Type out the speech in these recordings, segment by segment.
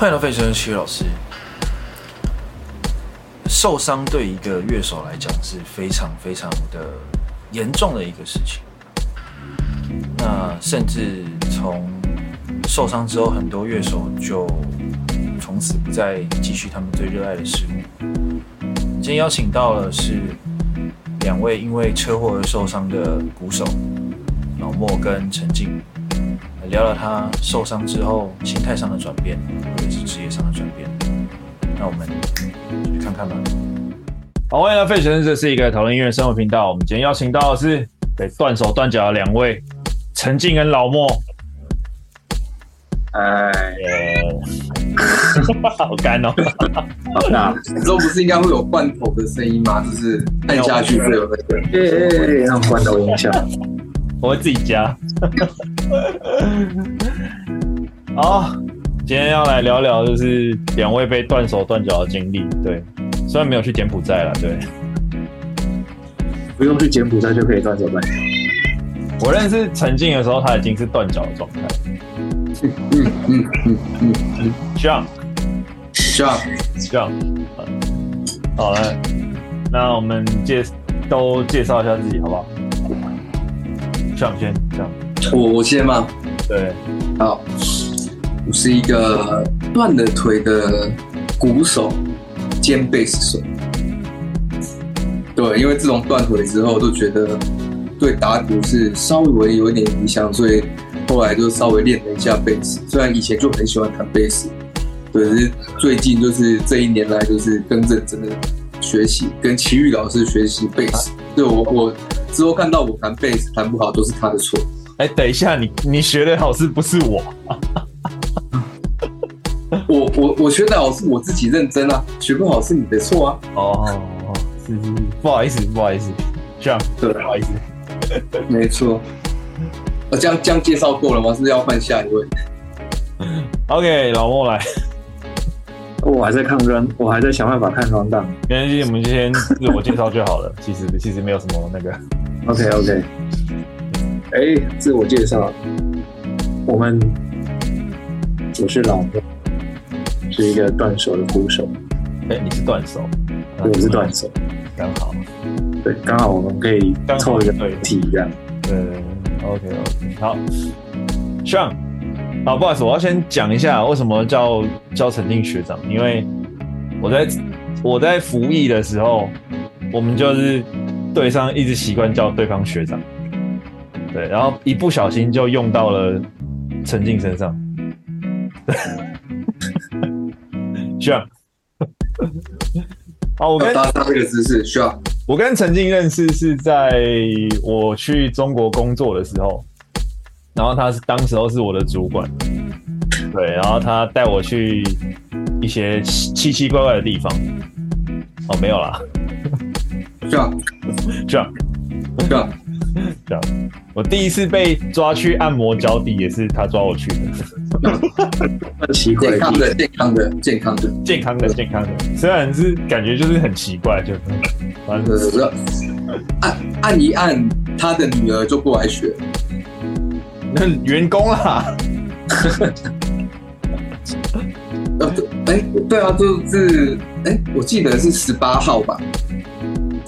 歡迎到費雪紳士，騎慾老師。受傷對一個樂手來講是非常非常的嚴重的一個事情。那甚至從受傷之後，很多樂手就從此不再繼續他們最熱愛的事業。今天邀請到了的是兩位因為車禍而受傷的鼓手，老默跟陳靜。聊聊他受傷之後，心態上的轉變，或者是職業上的轉變。那我們去看看吧。好，歡迎到費雪紳士，這是一個討論音樂生活頻道。我們今天邀請到的是被斷手斷腳的兩位陳靜跟老默。哎、yeah.， 好乾幹哦！ 好乾之後不是應該會有罐頭的聲音嗎？就是按下去會有那個，對，讓罐頭影響。Yeah. 我會自己加。 好，今天要來聊聊，就是兩位被斷手斷腳的經歷。對，雖然沒有去柬埔寨了，對，不用去柬埔寨就可以斷手斷腳。我認識陳靜的時候，他已經是斷腳的狀態。嗯嗯嗯嗯嗯，這、嗯、樣，這、嗯、樣，這、嗯、樣、嗯， 好了，那我們介都介紹一下自己，好不好？像像我我先嗎？對，好，我是一個斷了腿的鼓手兼貝斯手。對，因為自從斷腿之後，都覺得對打鼓是稍微有一點影響，所以後來就稍微練了一下貝斯。雖然以前就很喜歡彈貝斯，對，是最近就是這一年來就是更認真的學習，跟騎慾老師學習貝斯。啊。對，我我。之後看到我彈貝斯彈不好都是他的錯。哎、欸，等一下，你你學的好是不是我？ 我我我學的好是我自己認真啊，學不好是你的錯啊。哦，是是是，不好意思不好意思，這樣對，不好意思，意思 沒錯。我、啊、這樣這樣介紹過了嗎？是不是要換下一位？OK，老默來。我還在抗爭，我還在想辦法抗雙檔。沒關係，我們今天自我介紹就好了。 其實其實沒有什麼那個。OK OK，哎、欸，自我介紹，我們我是老默，是一個斷手的鼓手。哎、欸，你是斷手，我、啊、是斷手，剛好，對，剛好我們可以湊一個對體這樣。對，對，對 o、okay, k OK，好，學好啊，不好意思，我要先講一下為什麼叫叫陳靜學長，因為我在我在服役的時候，我們就是。對上一直習慣叫對方學長，對，然後一不小心就用到了陳靜身上。需要。好，我跟。要搭這個姿勢，需要。我跟陳靜認識是在我去中國工作的時候，然後他是當時候是我的主管，對，然後他帶我去一些奇奇怪怪的地方。哦，沒有啦。需要。這樣，這樣，這樣。我第一次被抓去按摩腳底，也是他抓我去的。Junk、 很奇怪的，健康的、健康的、健康的、健康的、健康的，雖然是感覺就是很奇怪，就是，反 正 按按一按，他的女兒就過來學。那 員工啦、啊。呃、 欸，對，啊，就是，欸、我記得是十八號吧。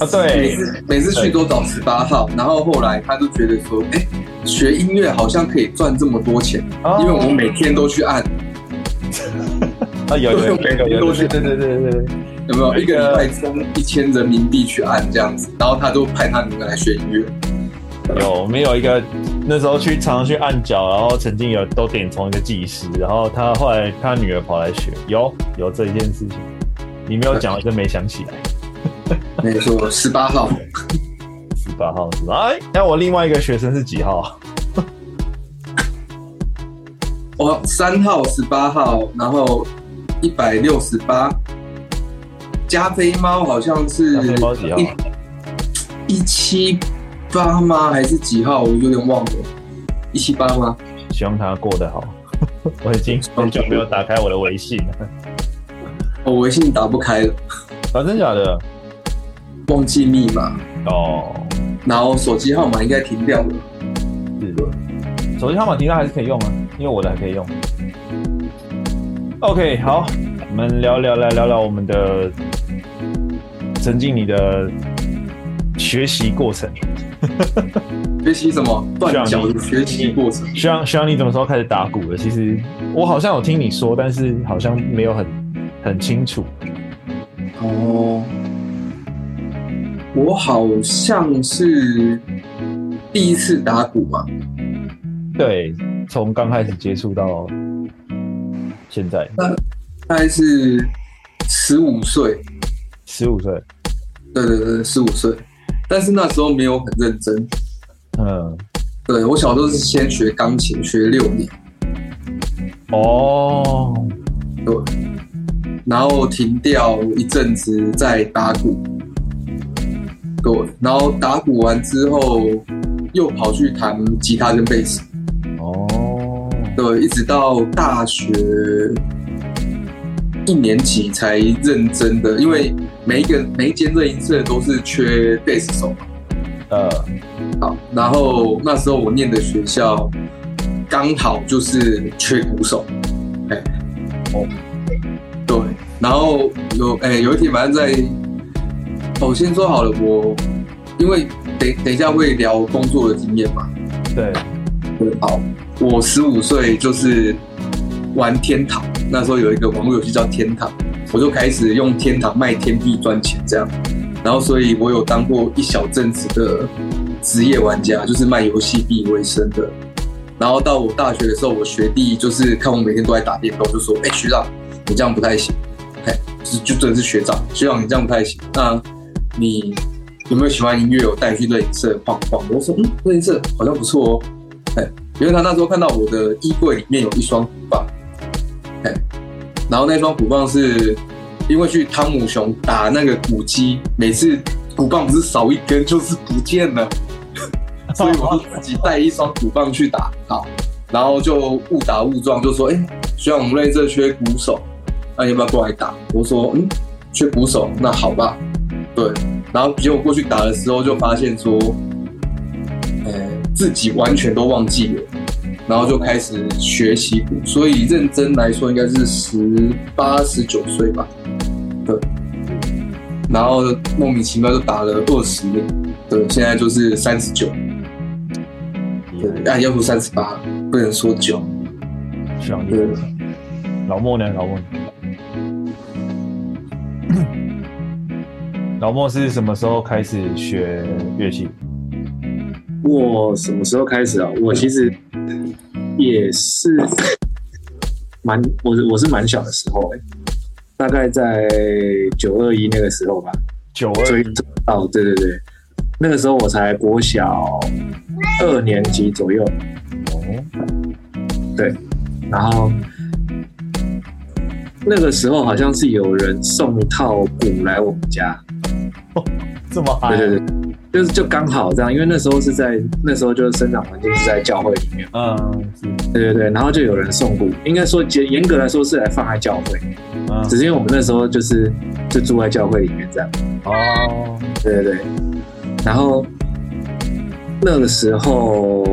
啊、對，每次每次去都找十八號，然後後來他都覺得說，哎、欸，學音樂好像可以賺這麼多錢、啊，因為我們每天都去按，啊有有有有對對對對對有,有、oh，有沒有一個禮拜一千一千人民幣去按這樣子，然後他就派他女兒來學音樂，有，我們有一個那時候去常常去按腳，然後曾經有都點同一個技師，然後他後來他女兒跑來學，有有這一件事情，你沒有講，我真沒想起來。 那個說我十八號，十八號是吧？哎，那我另外一個學生是幾號？我三號、十八號，然後一百六十八。加菲貓好像是一，加菲貓幾號一,一七八嗎？還是幾號？我有點忘了，一七八嗎？希望他過得好。 我已經很久、okay. 沒有打開我的微信了，我微信打不開了，假、啊、的假的。忘記密碼哦，然後手機號碼應該停掉了，是的，手機號碼停掉還是可以用啊？因為我的還可以用。OK，好，我們聊聊來聊聊我們的曾經你的學習過程， 學習什麼？斷腳的學習過程？希望需要你什麼時候開始打鼓的？其實我好像有聽你說，但是好像沒有很很清楚。哦。我好像是第一次打鼓嘛，對，從剛開始接觸到現在，呃、大概是十五歲，十五歲，對對對，十五歲，但是那時候沒有很認真，嗯，對，我小時候是先學鋼琴，學六年，哦，對，然後停掉一陣子再打鼓。對，然後打鼓完之後，又跑去彈吉他跟貝斯。哦，對，一直到大學一年級才認真的，因為每一個每一間樂隊都是缺貝斯手。呃、嗯，好，然後那時候我念的學校剛好就是缺鼓手。哎哦、對，然後有哎有一天晚上在。我先說好了，我因為等等一下會聊工作的經驗嘛對。對，好，我十五歲就是玩天堂，那時候有一個網絡遊戲叫天堂，我就開始用天堂賣天幣賺錢這樣。然後，所以我有當過一小陣子的職業玩家，就是賣遊戲幣為生的。然後到我大學的時候，我學弟就是看我每天都在打電動，就說：“哎、欸，學長，你這樣不太行。”嘿，就就真的是學長，學長你這樣不太行 o 就就真的是學長學長你這樣不太行那你有沒有喜歡音樂？我帶你去熱音社晃晃，我說嗯，熱音社好像不錯哦、喔。因、欸、為他那時候看到我的衣櫃裡面有一雙鼓棒、欸，然後那雙鼓棒是因為去湯姆熊打那個鼓機，每次鼓棒不是少一根就是不見了，嗯、 所以我就自己帶一雙鼓棒去打，好，然後就誤打誤撞就說，哎、欸，雖然我們熱音社缺鼓手，那、啊、要不要過來打？我說嗯，缺鼓手，那好吧。對，然後結果過去打的時候，就發現說，哎、呃，自己完全都忘記了，然後就開始學習，所以認真來說，應該是十八、十九歲吧。對，然後莫名其妙就打了二十年，對，現在就是三十九。對，哎、啊，要不三十八，不能說九。是啊，對。老默呢？老默。老默 老莫是什麼時候開始學樂器？我什麼時候開始啊？我其實也是蠻，我是我是蠻小的時候、欸，大概在九二一那個時候吧。九二一哦，對對對，那個時候我才國小二年級左右。哦，對，然後那個時候好像是有人送一套鼓來我們家。哦，這麼好啊？對對對，就是就剛好這樣，因為那時候是在那時候就是生長環境是在教會裡面，嗯，對對對，然後就有人送鼓。應該說嚴嚴格來說是來放在教會，嗯，只是因為我們那時候就是就住在教會裡面這樣，哦，對對對，然後那個時候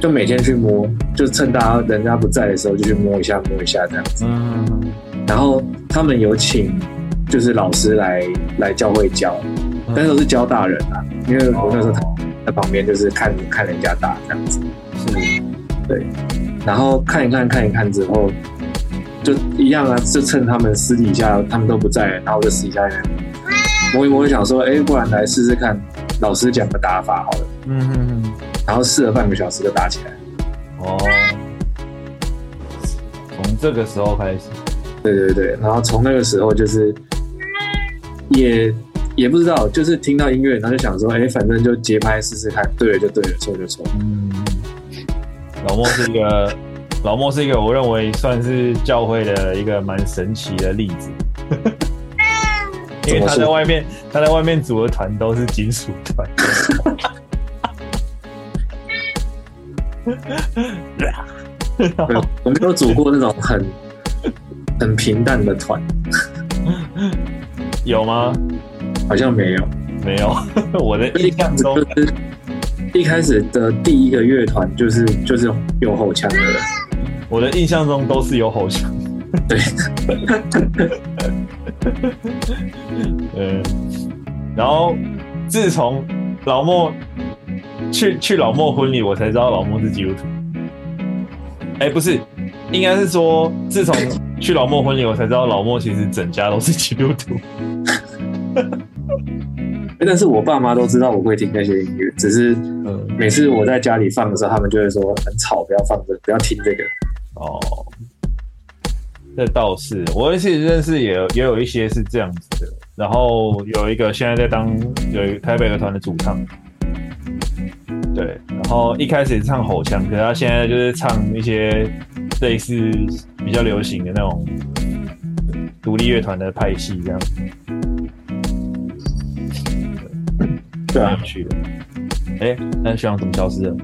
就每天去摸，就趁大家人家不在的時候就去摸一下摸一下這樣子，嗯，然後他們有請。就是老師來來教會教，但、嗯、都是教大人啊，因為我那時候他在旁邊就是看看人家打這樣子，是，對，然後看一看看一看之後，就一樣啊，就趁他們私底下他們都不在，然後我就私底下摸一摸，想說，哎、欸，不然來試試看，老師講的打法好了，嗯，然後試了半個小時就打起來，哦，從這個時候開始，對對對，然後從那個時候就是。也也不知道，就是聽到音樂，他就想說，欸、反正就節拍試試看，對了就對了就錯就錯了，錯就錯。老默是一個， 老默是一個，我認為算是教會的一個蠻神奇的例子， 因為他在外面，他在外面組的團都是金屬團 ，我沒有組過那種很很平淡的團。 有嗎？好像沒有，沒有。我的印象中，就是、一開始的第一個樂團就是就是有吼腔的人。我的印象中都是有吼腔。對， 對。然後，自從老默去去老默婚禮，我才知道老默是基督徒。哎、欸，不是，應該是說自從。去老莫婚禮，我才知道老莫其實整家都是基督徒。 但是，我爸媽都知道我會聽那些音樂，只是，每次我在家裡放的時候，他們就會說很吵，不要放這個，不要聽這個。哦，這倒是，我也是認識也也有一些是這樣子的。然後有一個現在在當有台北樂團的主唱，對，然後一開始是唱吼腔，可是他現在就是唱那些類似。比較流行的那種獨立樂團的派系這樣子，對啊，很有趣的。哎、欸，那徐陽怎麼消失了？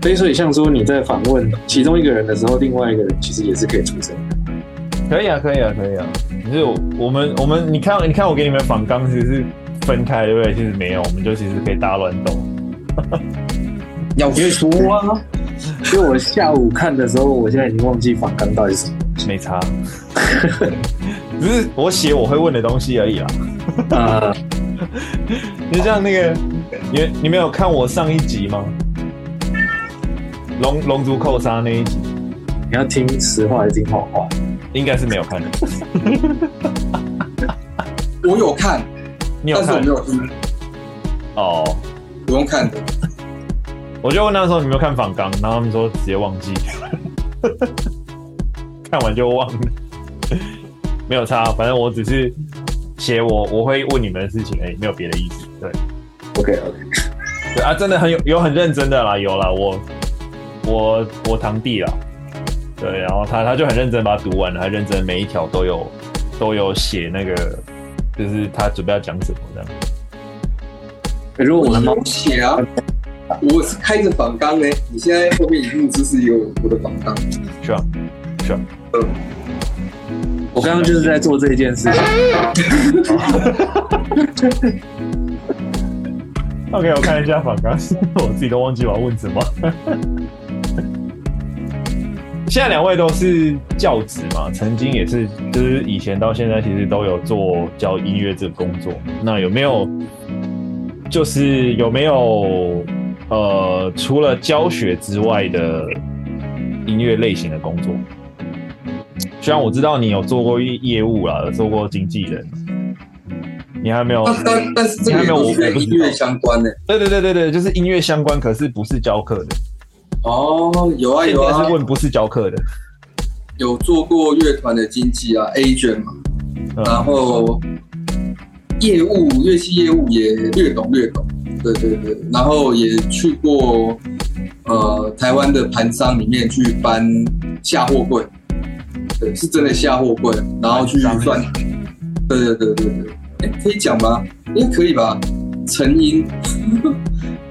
所以，所以像說你在訪問其中一個人的時候，另外一個人其實也是可以出現，可以啊，可以啊，可以啊！就是我們，我們，你看，你看，我給你們訪，剛其實是分開，對不對？其實沒有，我們就其實可以大亂鬥。 要結束了嗎？因為我下午看的時候，我現在已經忘記反抗到底是什麼。沒差， 只是我寫我會問的東西而已啦。啊、 呃，你像那個，你你沒有看我上一集嗎？龍龍族扣殺那一集，你要聽實話還是聽好話？應該是沒有看的。 我有看，你有看，但是我沒有聽。哦，不用看的。我就問那時候你有沒有看訪綱？然後他們說直接忘記呵呵，看完就忘了，沒有差。反正我只是寫我我會問你們的事情，哎、欸，沒有別的意思。對，OK OK 對。對啊，真的很有有很認真的啦，有啦，我我我堂弟啦，對，然後他他就很認真把它讀完，他認真每一條都有都有寫那個，就是他準備要講什麼這樣。如果我怎麼寫啊？欸我是開着訪綱的，你現在後面一定就是有我的訪綱，是啊，是啊，我剛剛就是在做這一件事情。 OK，我看一下訪綱， 我自己都忘記我要問什麼。 現在兩位都是教職嘛，曾經也是，就是以前到現在其實都有做教音樂這個工作，那有沒有，就是有沒有？呃，除了教學之外的音樂類型的工作，雖然我知道你有做過業務啦，有做過經紀人，你還沒有，啊、但但是個還沒有我音樂相關的、欸，對對對對對，就是音樂相關，可是不是教課的。哦，有啊有啊，問不是教課的，有做過樂團的經紀啊，Agent 嘛、嗯，然後、嗯、業務樂器業務也略懂略懂。對對對，然後也去過，呃，台灣的盤商裡面去搬下貨櫃，對，是真的下貨櫃，然後去賺。對對對對對，哎，可以講嗎？應該可以吧。成因，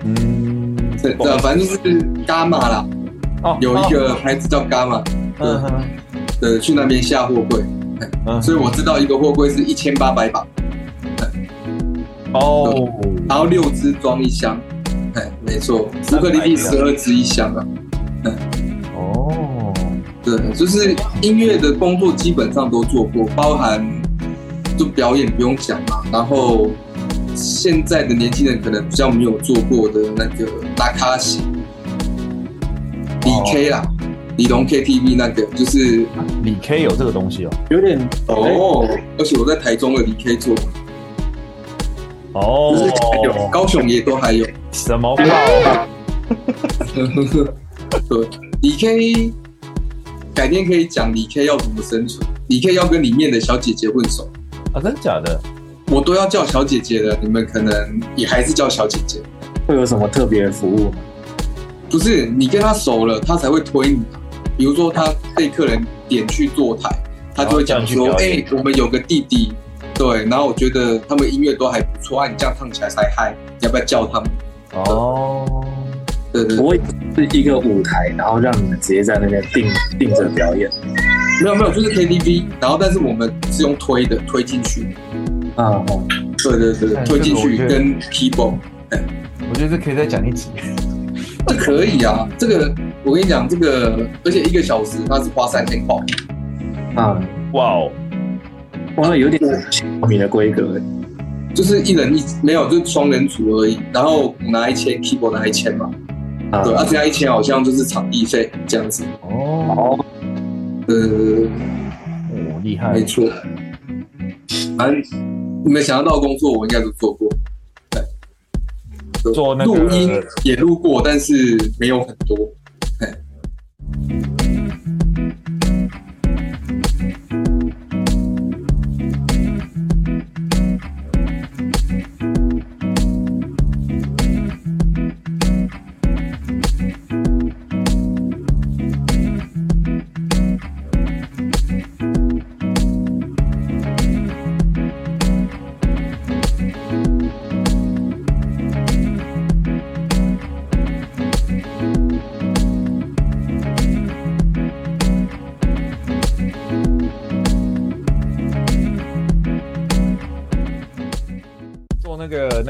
嗯，對的、嗯，反正就是伽馬啦、哦，有一個牌子叫伽馬、哦，對的、嗯嗯嗯，去那邊下貨櫃、嗯，所以我知道一個貨櫃是一千八百把。哦、oh.，然後六支裝一箱，欸、沒錯，巧克力第十二支一箱啊。哦， 對，就是音樂的工作基本上都做過，包含就表演不用講嘛。然後現在的年輕人可能比較沒有做過的那個那卡西，李 K 啦，李龍 KTV 那個，就是李 K 有這個東西哦、喔，有點哦，oh, okay. 而且我在台中的李 K 做。哦、oh,，高雄也都還有什麼、啊？ 你好，呵呵呵，對，你可以改天可以講，你可以要怎麼生存，你可以要跟裡面的小姐姐混熟啊？真的假的？我都要叫小姐姐了，你們可能也還是叫小姐姐。會有什麼特別服務嗎？不是，你跟她熟了，她才會推你。比如說，她被客人點去坐台，她就會講說：“哎、欸，我們有個弟弟。”對，然後我覺得他們音樂都還不錯啊！你這樣唱起來才嗨，你要不要叫他們？哦，對對，我也是一個舞台，然後讓你們直接在那邊定定着表演。嗯、沒有沒有，就是 KTV，然後但是我們是用推的推進去。啊、嗯、對對對，對、哎、推進去跟 keyboard。我覺得這可以再講一集。這可以啊， 這個我跟你講，這個而且一個小時，它只花三千塊。啊、嗯，哇哦！哦、啊，有點小的規格，就是一人一，沒有，就雙人組而已。然後拿一千，keyboard 拿一千嘛。啊，對，而、啊、且一千好像就是場地費這樣子。哦，呃、嗯，哦，厲、嗯哦哦、害，啊、沒錯。反正你們想要到的工作，我應該都做過。對做錄、那個、音也錄過，但是沒有很多。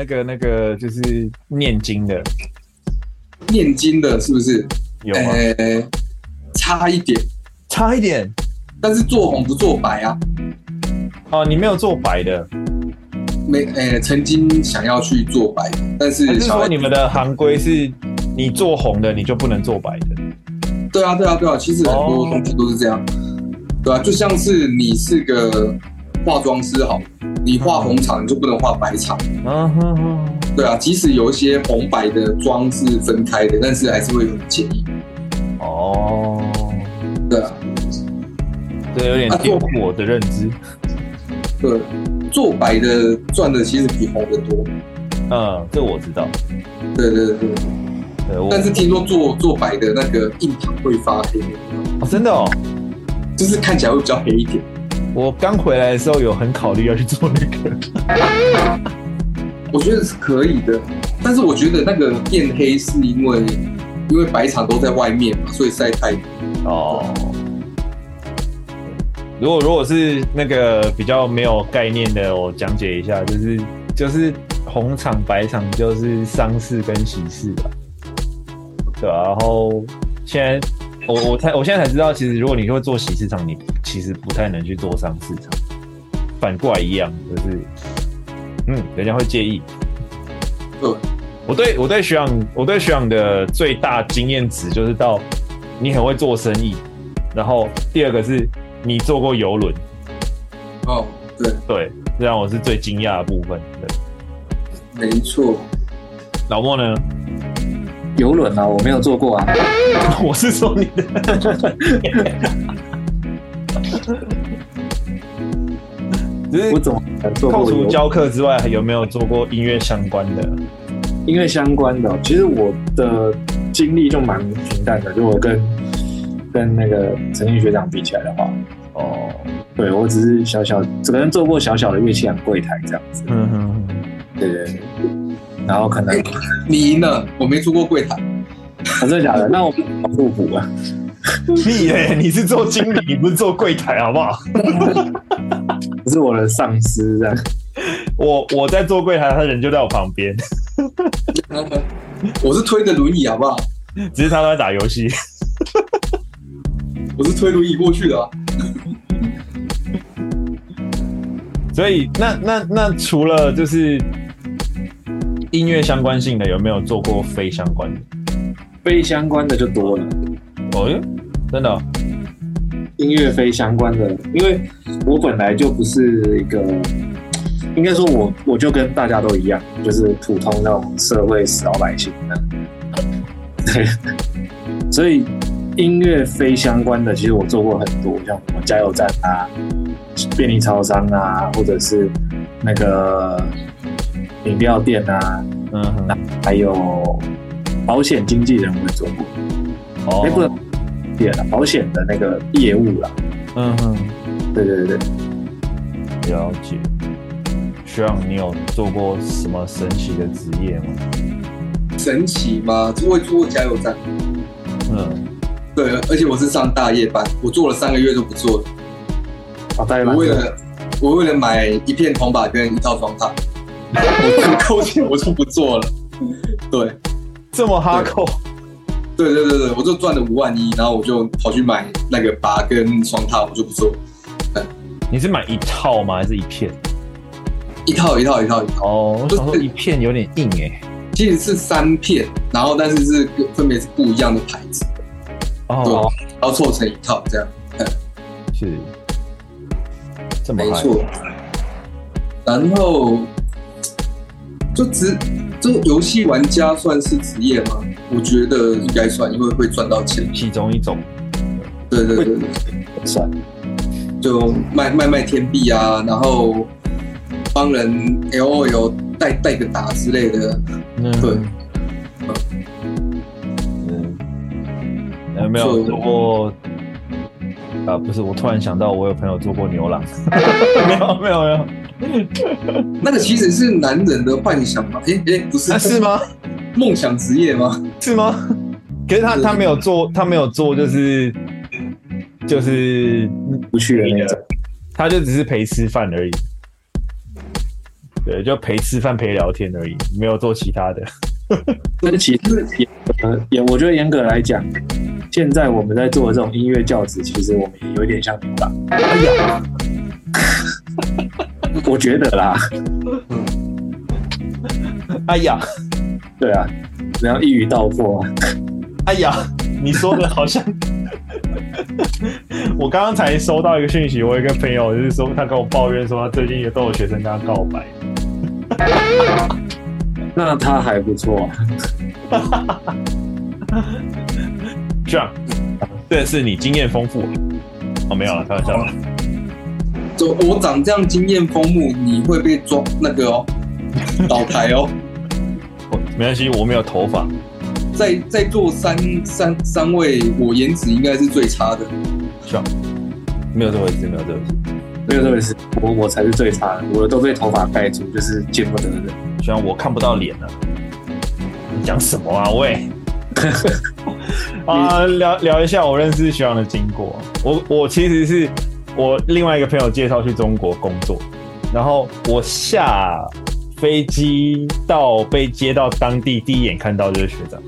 個那個就是念經的，念經的，是不是有、呃？差一點，差一點，但是做紅不做白啊？哦，你沒有做白的，沒誒、呃，曾經想要去做白，但是，是說你們的行規是，你做紅的你就不能做白的？對啊，對啊，對啊，其實很多東西都是這樣，哦、對啊，就像是你是個化妝師好。你畫紅場，你就不能畫白場，uh -huh. 對啊，即使有一些紅白的妝是分開的，但是還是會很介意。哦、oh.，對啊，這有點顛覆我的認知、啊。對，做白的賺的其實比紅的多。嗯、uh,，這我知道。對對對對，但是聽說做做白的那個印堂會發黑哦，oh, 真的哦，就是看起來會比較黑一點。我剛回來的時候有很考慮要去做那個，我覺得是可以的，但是我覺得那個變黑是因為因為白場都在外面嘛，所以曬太陽。哦，如果如果是那個比較沒有概念的，我講解一下，就是就是紅場白場就是喪事跟喜事吧、啊，對吧、啊？然後現在。我我才我現在才知道，其實如果你會做喜事場，你其實不太能去做喪事場。反過來一樣，就是嗯，人家會介意。嗯，我對我對徐朗，我對徐朗的最大經驗值就是到你很會做生意，然後第二個是你坐過郵輪。哦，對對，這讓我是最驚訝的部分。對沒錯。老默呢？遊輪啊，我沒有做過啊。我是說你的。我怎麼還做過？除教課之外，還有沒有做過音樂相關的？音樂相關的、哦，其實我的經歷就蠻平淡的。就我跟跟那個陳靜學長比起來的話，哦，對我只是小小，只能做過小小的樂器櫃台這樣子。嗯哼、嗯嗯，對對，對。然後可能你贏了，我沒出過櫃檯，真 的、啊、假的？那我們互補啊！你 哎、欸，你是做經理，你 不是做櫃檯好不好？不 是我的上司這樣，我我在做櫃檯，他人就在我旁邊， 我是推着輪椅好不好？ 只是他在打遊戲， 我是推輪椅過去的、啊， 所以那那那除了就是。音樂相關性的，有沒有做過非相關的？非相關的就多了。哦。欸，真的哦，音樂非相關的，因為我本來就不是一個，應該說我我就跟大家都一樣，就是普通那種社會死老百姓。對，所以音樂非相關的，其實我做過很多，像什麼加油站啊、便利超商啊，或者是那個。飲料店啊，嗯，還有保險經紀人，我也做過哦，也、欸、不店了、啊，保險的那個業務了、啊，嗯哼，對對對對，了解。學長，你有做過什麼神奇的職業嗎？神奇嗎？我做過加油站。嗯，對，而且我是上大夜班，我做了三個月都不做、啊、我為了我為了買一片銅板跟一套床榻。我扣錢，我就不做了。對，這麼哈扣。對對對對，對，我就賺了五萬一，然後我就跑去買那個鈸跟雙套，我就不做。你是買一套嗎？還是一片？一套一套一套。一套。哦，一片有點硬哎、欸。其實是三片，然後但是是分別是不一樣的牌子。哦。然後湊成一套這樣。是。這麼哈扣然後。就職，就遊戲玩家算是職業嗎、嗯？我覺得應該算，因為會賺到錢，其中一種。對對對對，算。就賣賣賣天幣啊，然後幫人 LOL 帶帶個打之類的。嗯，對。嗯，有沒有做呃、不是，我突然想到，我有朋友做過牛郎， 沒有沒有沒有，那個其實是男人的幻想嘛。哎哎，不是、啊、是嗎？夢想職業嗎？是嗎？可是他他沒有做，他沒有做就是就是不去的那個，他就只是陪吃飯而已，對，就陪吃飯陪聊天而已，沒有做其他的。那 其實也也，我覺得嚴格來講。現在我們在做的這種音樂教職，其實我們也有點像牛郎。哎呀， 我覺得啦、嗯，哎呀，對啊，怎樣一語道破？啊？哎呀，你說的好像， 我剛剛才收到一個訊息，我有一個朋友就是說，他跟我抱怨說，他最近也都有學生跟他告白。哎、 那他還不錯啊。 是啊，這是你經驗豐富哦，oh, 沒有了，開玩笑了。就我長這樣經驗豐富，你會被抓那個哦倒臺哦。 沒關係，我沒有頭髮。在在座三三三位，我顏值應該是最差的。是啊，沒有這回事，沒有這回事，沒有這回事，我我才是最差的，我都被頭髮蓋住，就是見不得人。雖然我看不到臉了、啊。你講什麼啊？喂。 啊，聊聊一下我認識學長的經過。我我其實是我另外一個朋友介紹去中國工作，然後我下飛機到被接到當地，第一眼看到就是學長。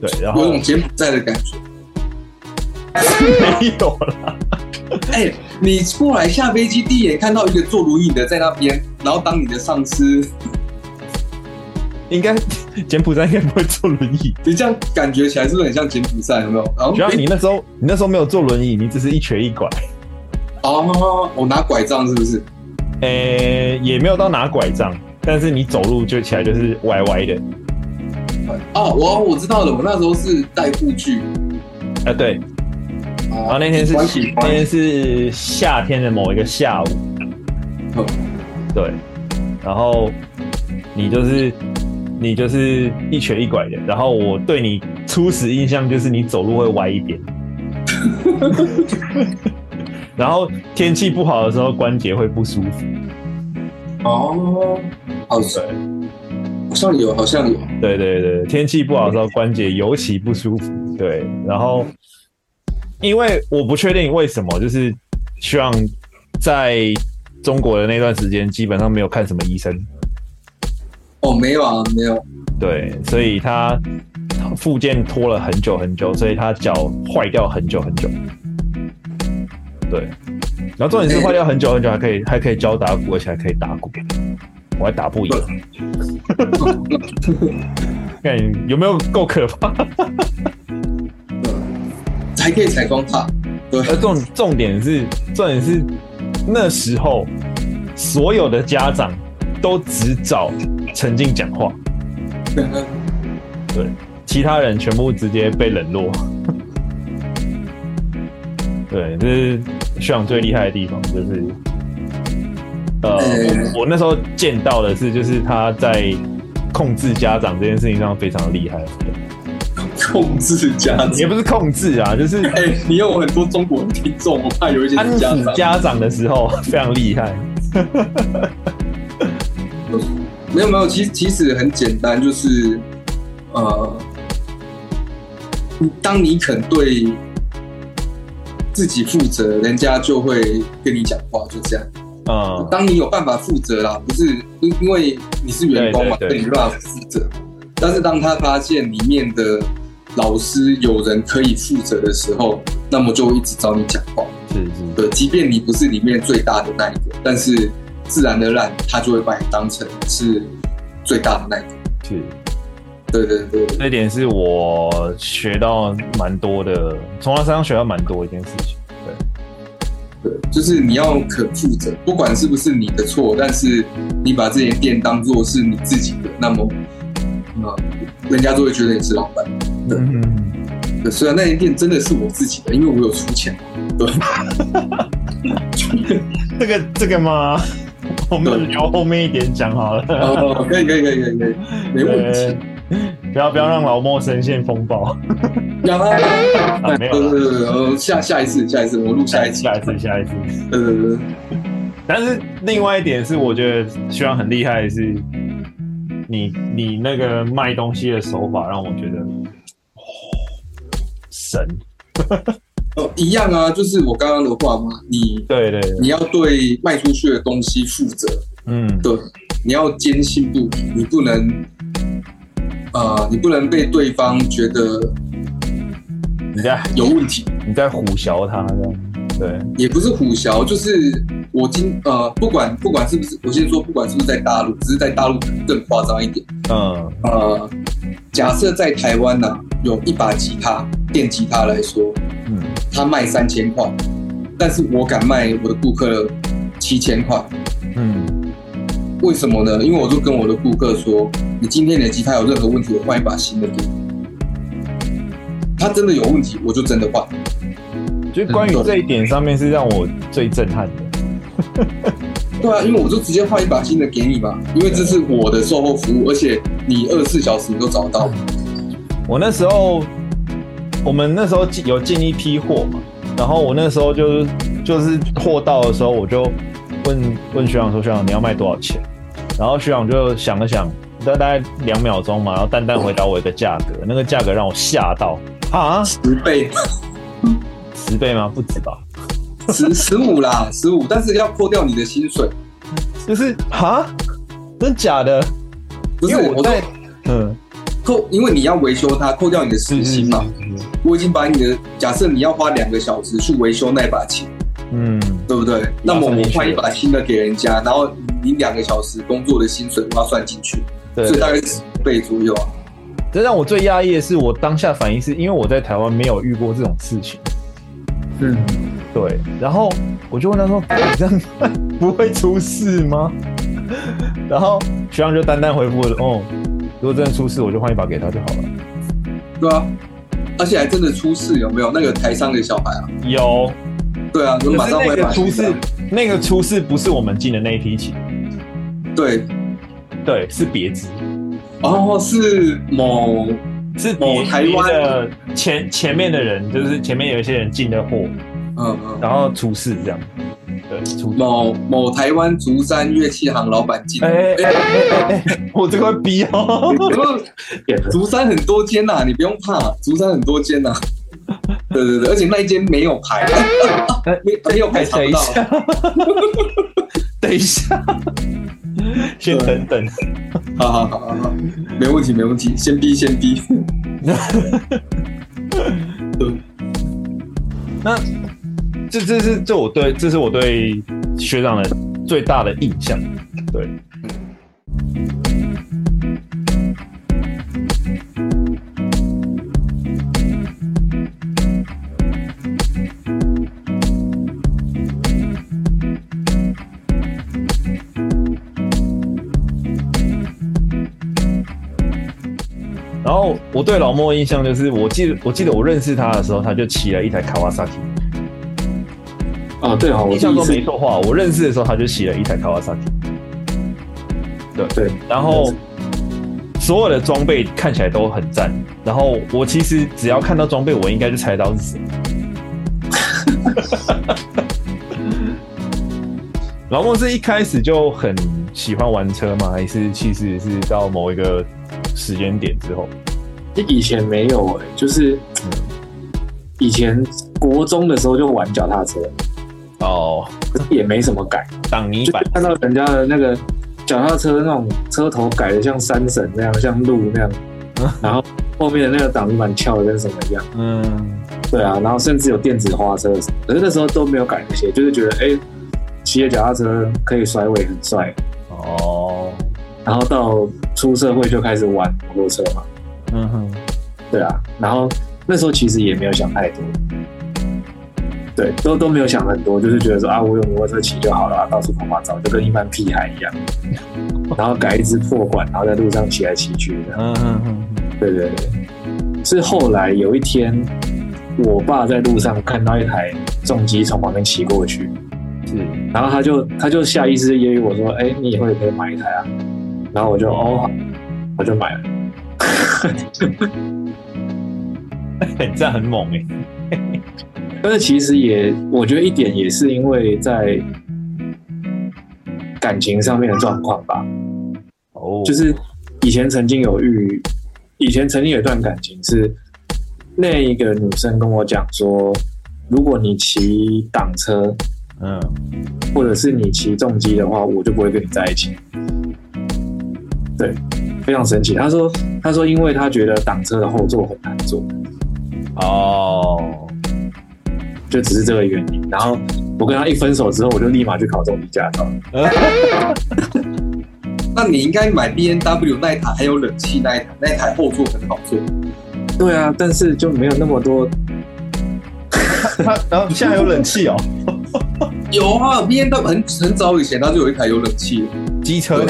對，然後有種柬埔寨的感覺、哎、沒有啦。哎，你過來下飛機第一眼看到一個做錄影的在那邊，然後當你的上司。應該柬埔寨應該不會坐輪椅，你這樣感覺起來是不是很像柬埔寨？有沒有？主、okay. 要你那時候你那時候沒有坐輪椅，你只是一瘸一拐。哦，我拿拐杖是不是？呃、欸，也沒有到拿拐杖，但是你走路就起來就是歪歪的。哦，我我知道了，我那時候是帶護具。啊，對。Oh, 然後那天是那天是夏天的某一個下午。哦、oh. 對。然後你就是。你就是一瘸一拐的，然後我對你初始印象就是你走路會歪一點， 然後天氣不好的時候關節會不舒服。哦，好，好像有，好像有。對對對，天氣不好的時候關節尤其不舒服。對，然後因為我不確定為什麼，就是希望在中國的那段時間基本上沒有看什麼醫生。哦，沒有，啊，沒有。對，所以他復健拖了很久很久，所以他腳壞掉很久很久。對，然後重點是壞掉很久很久還、欸，還可以還可以教打鼓，而且還可以打鼓，我還打不贏。看有沒有夠可怕？嗯，還可以踩光踏。對，而重重點是重點是那時候所有的家長。都只找陳靜講話， 對，其他人全部直接被冷落。 對，這、就是徐朗最厲害的地方，就是呃我，我那時候見到的是，就是他在控制家長這件事情上非常厲害。控制家長也不是控制啊，就是你有很多中國聽眾，我怕有一些家家長的時候非常厲害。 沒有沒有，其實其實很簡單，就是，呃，當你肯對自己負責，人家就會跟你講話，就這樣。嗯，當你有辦法負責啦，不是因為你是員工嘛，對，對,對沒辦法負責，對對對。但是當他發現裡面的老師有人可以負責的時候，那麼就會一直找你講話，是是。對，即便你不是裡面最大的那一個，但是。自然而然，他就會把你當成是最大的那一點。是，對對對，那點是我學到蠻多的，從他身上學到蠻多一件事情。對，對，就是你要可負責，不管是不是你的錯，但是你把這間店當做是你自己的，那麼，人家就會覺得你是老闆。嗯嗯，雖然那間店真的是我自己的，因為我有出錢。對， 這個這個嗎？我們聊後面一點講好了。 可以，可以，可以，可以，沒問題。不要，不要讓老默身陷風暴。有 啊，沒有下下一次，下一次，我錄下一次，下一次，下一次。呃， 但是另外一點是，我覺得需要很厲害的是你，你你那個賣東西的手法讓我覺得神。 一樣啊，就是我剛剛的話嘛。你對，對對，你要對賣出去的東西負責。嗯，對，你要堅信不疑，你不能，呃，你不能被對方覺得，哎，有問題，你在唬他這樣。對，也不是唬，就是我今呃，不管不管是不是，我先說，不管是不是在大陸，只是在大陸更誇張一點。嗯呃，假設在台灣吶，有一把吉他，電吉他來說，嗯。他賣三千塊，但是我敢賣我的顧客七千塊。嗯，為什麼呢？因為我就跟我的顧客說：“你今天的吉他有任何問題，我換一把新的給你。他真的有問題，我就真的換。”就關於這一點上面是讓我最震撼的。 對啊，因為我就直接換一把新的給你嘛，因為這是我的售後服務，而且你二十四小時你都找得到。我那時候。我們那時候進有進一批貨嘛，然後我那時候就是就是貨到的時候，我就問問學長說：“學長，你要賣多少錢？”然後學長就想了想，大概兩秒鐘嘛，然後淡淡回答我一個價格，那個價格讓我嚇到啊，十倍，十倍嗎？不止吧，十十五啦，十五，但是要扣掉你的薪水，就是哈、啊、真假的？因為我在嗯。扣，因為你要維修它，扣掉你的時薪嘛，嗯嗯嗯。我已經把你的假設，你要花兩個小時去維修那把琴，嗯，對不對？嗯，那麼我換一把新的給人家，嗯，然後你兩個小時工作的薪水都要算進去對，所以大概十倍左右，啊。這讓我最訝異的是，我當下反應是因為我在台灣沒有遇過這種事情。嗯，對。然後我就問他說：“你這樣不會出事嗎？” 然後學長就單單回覆：“哦。”如果真的出事，我就換一把給他就好了。對啊，而且還真的出事，有沒有那個台商的小孩啊？有。對啊，你們馬上會把。出事，那個出事不是我們進的那一批琴。對，對，是別然哦，是某，是某台灣的前前面的人，就是前面有一些人進的貨。嗯嗯。然後出事這樣。某某台灣竹山樂器行老闆進、欸欸欸欸欸，我這個逼哦、喔， 竹山很多間吶、啊，你不用怕，竹山很多間吶、啊，對對對，而且那間沒有牌、欸欸啊，沒有牌查不到，等一下， 等一下，先等等，好好好好好，沒問題沒問題，先逼先逼， 那。這這是這是我對這是我對學長的最大的印象，對。然後我對老默的印象就是，我記得我記得我認識他的時候，他就騎了一台 Kawasaki。嗯、啊對，好，我印象中沒說話。我認識的時候，他就騎了一台卡瓦薩基。對對，然後所有的裝備看起來都很讚。然後我其實只要看到裝備，我應該就猜到是誰。老 默、 嗯、是一開始就很喜歡玩車嗎？還是其實是到某一個時間點之後？以前沒有哎、欸，就是、嗯、以前國中的時候就玩腳踏車。哦、oh，也沒什麼改擋泥板，就是，看到人家的那個腳踏車那種車頭改的像山神那樣，像鹿那樣，嗯，然後後面的那個擋泥板翹的跟什麼一樣，嗯，對啊，然後甚至有電子花車什麼，可是那時候都沒有改那些，就是覺得哎，騎着腳踏車可以甩尾很帥，哦，然後到出社會就開始玩摩托車嘛，嗯哼，對啊，然後那時候其實也沒有想太多。對，都都沒有想很多，就是覺得說啊，我用摩托車騎就好了，到處跑拍照，就跟一般屁孩一樣。然後改一支破管，然後在路上騎來騎去的。嗯嗯嗯，對對對。是後來有一天，我爸在路上看到一台重機從旁邊騎過去，嗯，然後他就他就下意識揶揄我說：“哎、嗯欸，你以後也可以買一台啊。”然後我就、嗯、哦好，我就買了。你這樣，很猛哎、欸。 但是其實也，我覺得一點也是因為在感情上面的狀況吧。哦、oh.，就是以前曾經有遇，以前曾經有一段感情是那一個女生跟我講說，如果你騎擋車，嗯，或者是你騎重機的話，我就不會跟你在一起。對，非常神奇。她說，她說，因為她覺得擋車的後座很難坐。哦、oh.。就只是這個原因，然後我跟他一分手之後，我就立馬去考中級駕照。嗯、 那你應該買 B N W 那一台，還有冷氣那一台，那一台後座很好坐。對啊，但是就沒有那麼多。他 然後現在還有冷氣哦、喔？ 有啊，B N W 很很早以前它就有一台有冷氣的機車，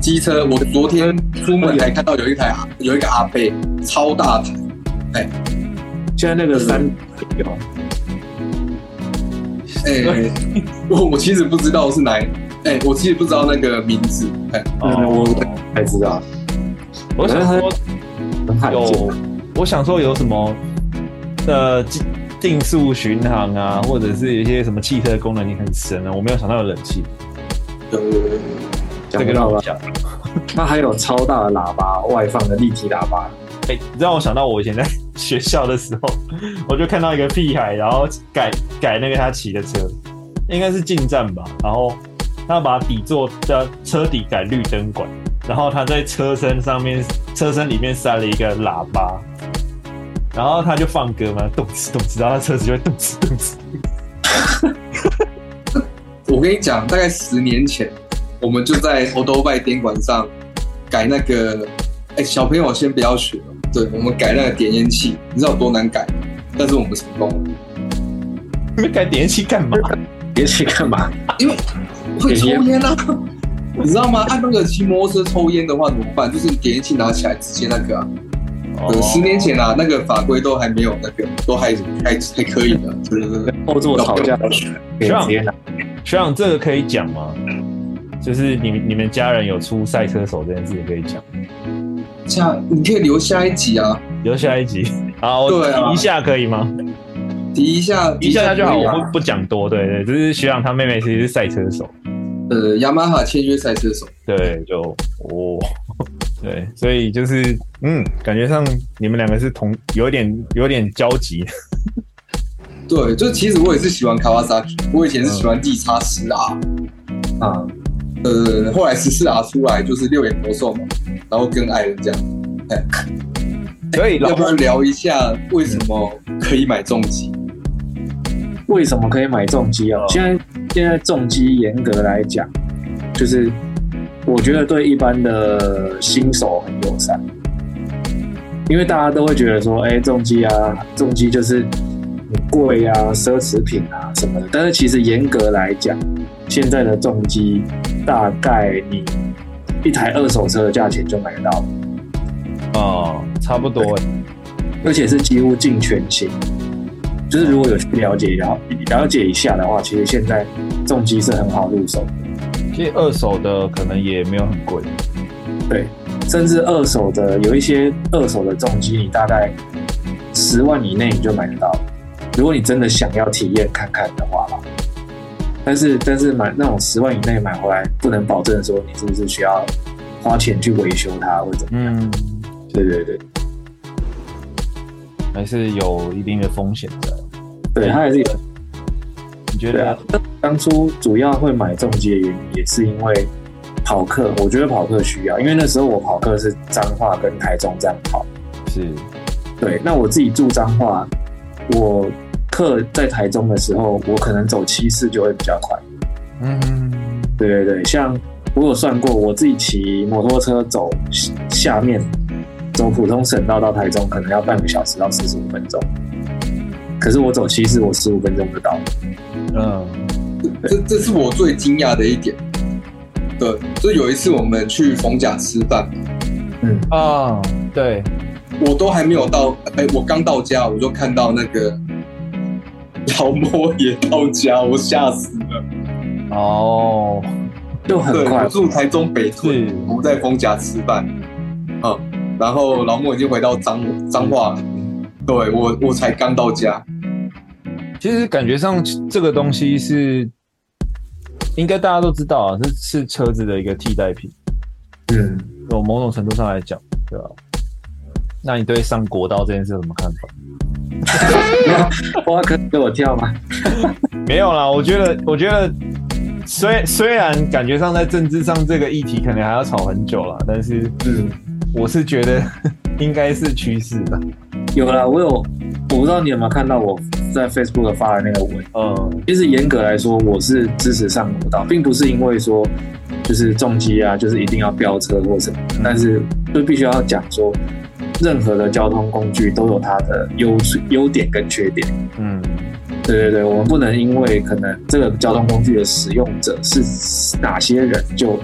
機車。我昨天出門還看到有一台、嗯嗯、有一個阿伯超大台，哎、欸，現在那個三、嗯、有。哎、欸，我我其實不知道是哪一個，哎、欸，我其實不知道那個名字。哎、欸哦，我才知道。我想說有，啊、我想說有什麼呃定速巡航啊、嗯嗯嗯，或者是一些什麼汽車功能，你很神了、啊。我沒有想到有冷氣。這個讓我想， 它還有超大的喇叭，外放的立體喇叭，這、欸、讓我想到我現在。學校的時候，我就看到一個屁孩，然後改改那個他騎的車，應該是進站吧。然後他把底座的車底改綠燈管，然後他在車身上面、車身裡面塞了一個喇叭，然後他就放歌嘛，動次動次，然後他車子就會動次動次。 我跟你講，大概十年前，我們就在好頭外賓館上改那個，哎、欸，小朋友先不要學。對，我們改那個點煙器，你知道多難改，但是我們成功了。你們改點煙器幹嘛？點煙器幹嘛？因為會抽煙啊煙，你知道嗎？愛那個騎摩托車抽煙的話怎麼辦？就是點煙器拿起來直接那個啊。哦，呃，十年前啊，那個法規都還沒有那個，都還還還可以的，對對對。哦，這麼吵架。學長，啊，學長，這個可以講嗎？就是你們你們家人有出賽車手這件事情可以講嗎？像你可以留下一集啊，留下一集好，對啊，我提一下可以嗎？提一下，一下就好，不不講多，對對，就是徐朗他妹妹其實是賽車手，呃，雅馬哈簽約賽車手，對，就哦，對，所以就是嗯，感覺上你們兩個是同有點有點交集，對，就其實我也是喜歡 Kawasaki，我以前是喜歡 ZX10 的，啊。嗯嗯呃，後來十四拿出來就是六眼魔獸嘛，然後跟愛人這樣，可以、欸、要不要聊一下為什麼可以買重機？為什麼可以買重機哦，現在現在重機嚴格來講，就是我覺得對一般的新手很友善，因為大家都會覺得說，哎、欸，重機啊，重機就是很貴啊，奢侈品啊什麼的。但是其實嚴格來講，現在的重機。大概你一台二手車的價錢就買得到了，哦，差不多，而且是幾乎近全新。就是如果有去了解了了解一下的話，其實現在重機是很好入手的，所以二手的可能也沒有很貴，對，甚至二手的有一些二手的重機，你大概十萬以內你就買得到。如果你真的想要體驗看看的話。但是但是買那種十萬以內買回來，不能保證說你是不是需要花錢去維修它或怎麼樣？嗯，對對對，還是有一定的風險的。對，它還是有。你覺得、啊、當初主要會買重機的原因，也是因為跑課？我覺得跑課需要，因為那時候我跑課是彰化跟台中這樣跑。是。對，那我自己住彰化，我。客在台中的時候，我可能走七四就會比較快。嗯，對對對，像我有算過，我自己騎摩托車走下面，走普通省道到台中，可能要半個小時到四十五分鐘。可是我走七四，我十五分鐘就到了。嗯，這這是我最驚訝的一點。對，所以有一次我們去逢甲吃飯。嗯啊、哦，對，我都還沒有到，哎，我剛到家，我就看到那個。老默也到家，我嚇死了。哦，就很快對。我住台中北屯，我們在豐家吃飯。嗯，然後老默已經回到彰彰化了。對我，我才剛到家。其實感覺上，這個東西是應該大家都知道啊，這是，是車子的一個替代品。嗯，有某種程度上來講，對吧？啊？那你對上國道這件事有什麼看法？我可以給我跳嗎？沒有啦，我覺得，我覺得，雖雖然感覺上在政治上這個議題可能還要吵很久啦，但是，嗯，我是覺得應該是趨勢吧。有啦，我有，我不知道你有沒有看到我在 Facebook 發的那個文。呃、嗯，其實嚴格來說，我是支持上國道，並不是因為說就是重機啊，就是一定要飆車或者什麼，但是就必須要講說。任何的交通工具都有它的優優點跟缺點。嗯，對對對，我們不能因為可能這個交通工具的使用者是哪些人，就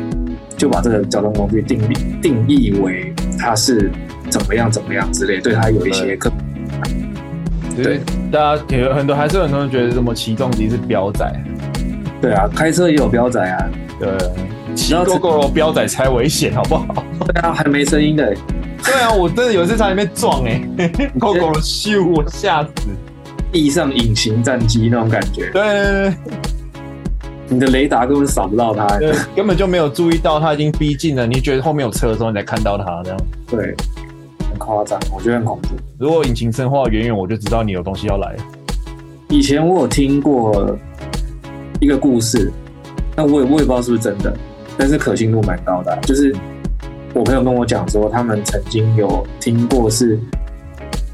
就把這個交通工具定義定義為它是怎麼樣怎麼樣之類，對它有一些可。對大家也有很多，還是有很多人覺得什麼騎重機是飆仔。對啊，開車也有載、啊、勾勾勾飆仔啊。對，夠夠夠，飆仔才危險，好不好？大家還沒聲音的、欸。 對啊，我真的有一次在裡面撞，欸嗯、 你哎，是，狗狗咻我嚇死，地上隱形戰機那種感覺。對， 你的雷達根本掃不到它，欸， 根本就沒有注意到它已經逼近了。你覺得後面有車的時候，你才看到它這樣。對，很誇張，我覺得很恐怖。如果引擎聲的話，遠遠我就知道你有東西要來。以前我有聽過一個故事，那我也我也不知道是不是真的，但是可信度蠻高的，啊，就是。嗯我朋友跟我講說，他們曾經有聽過是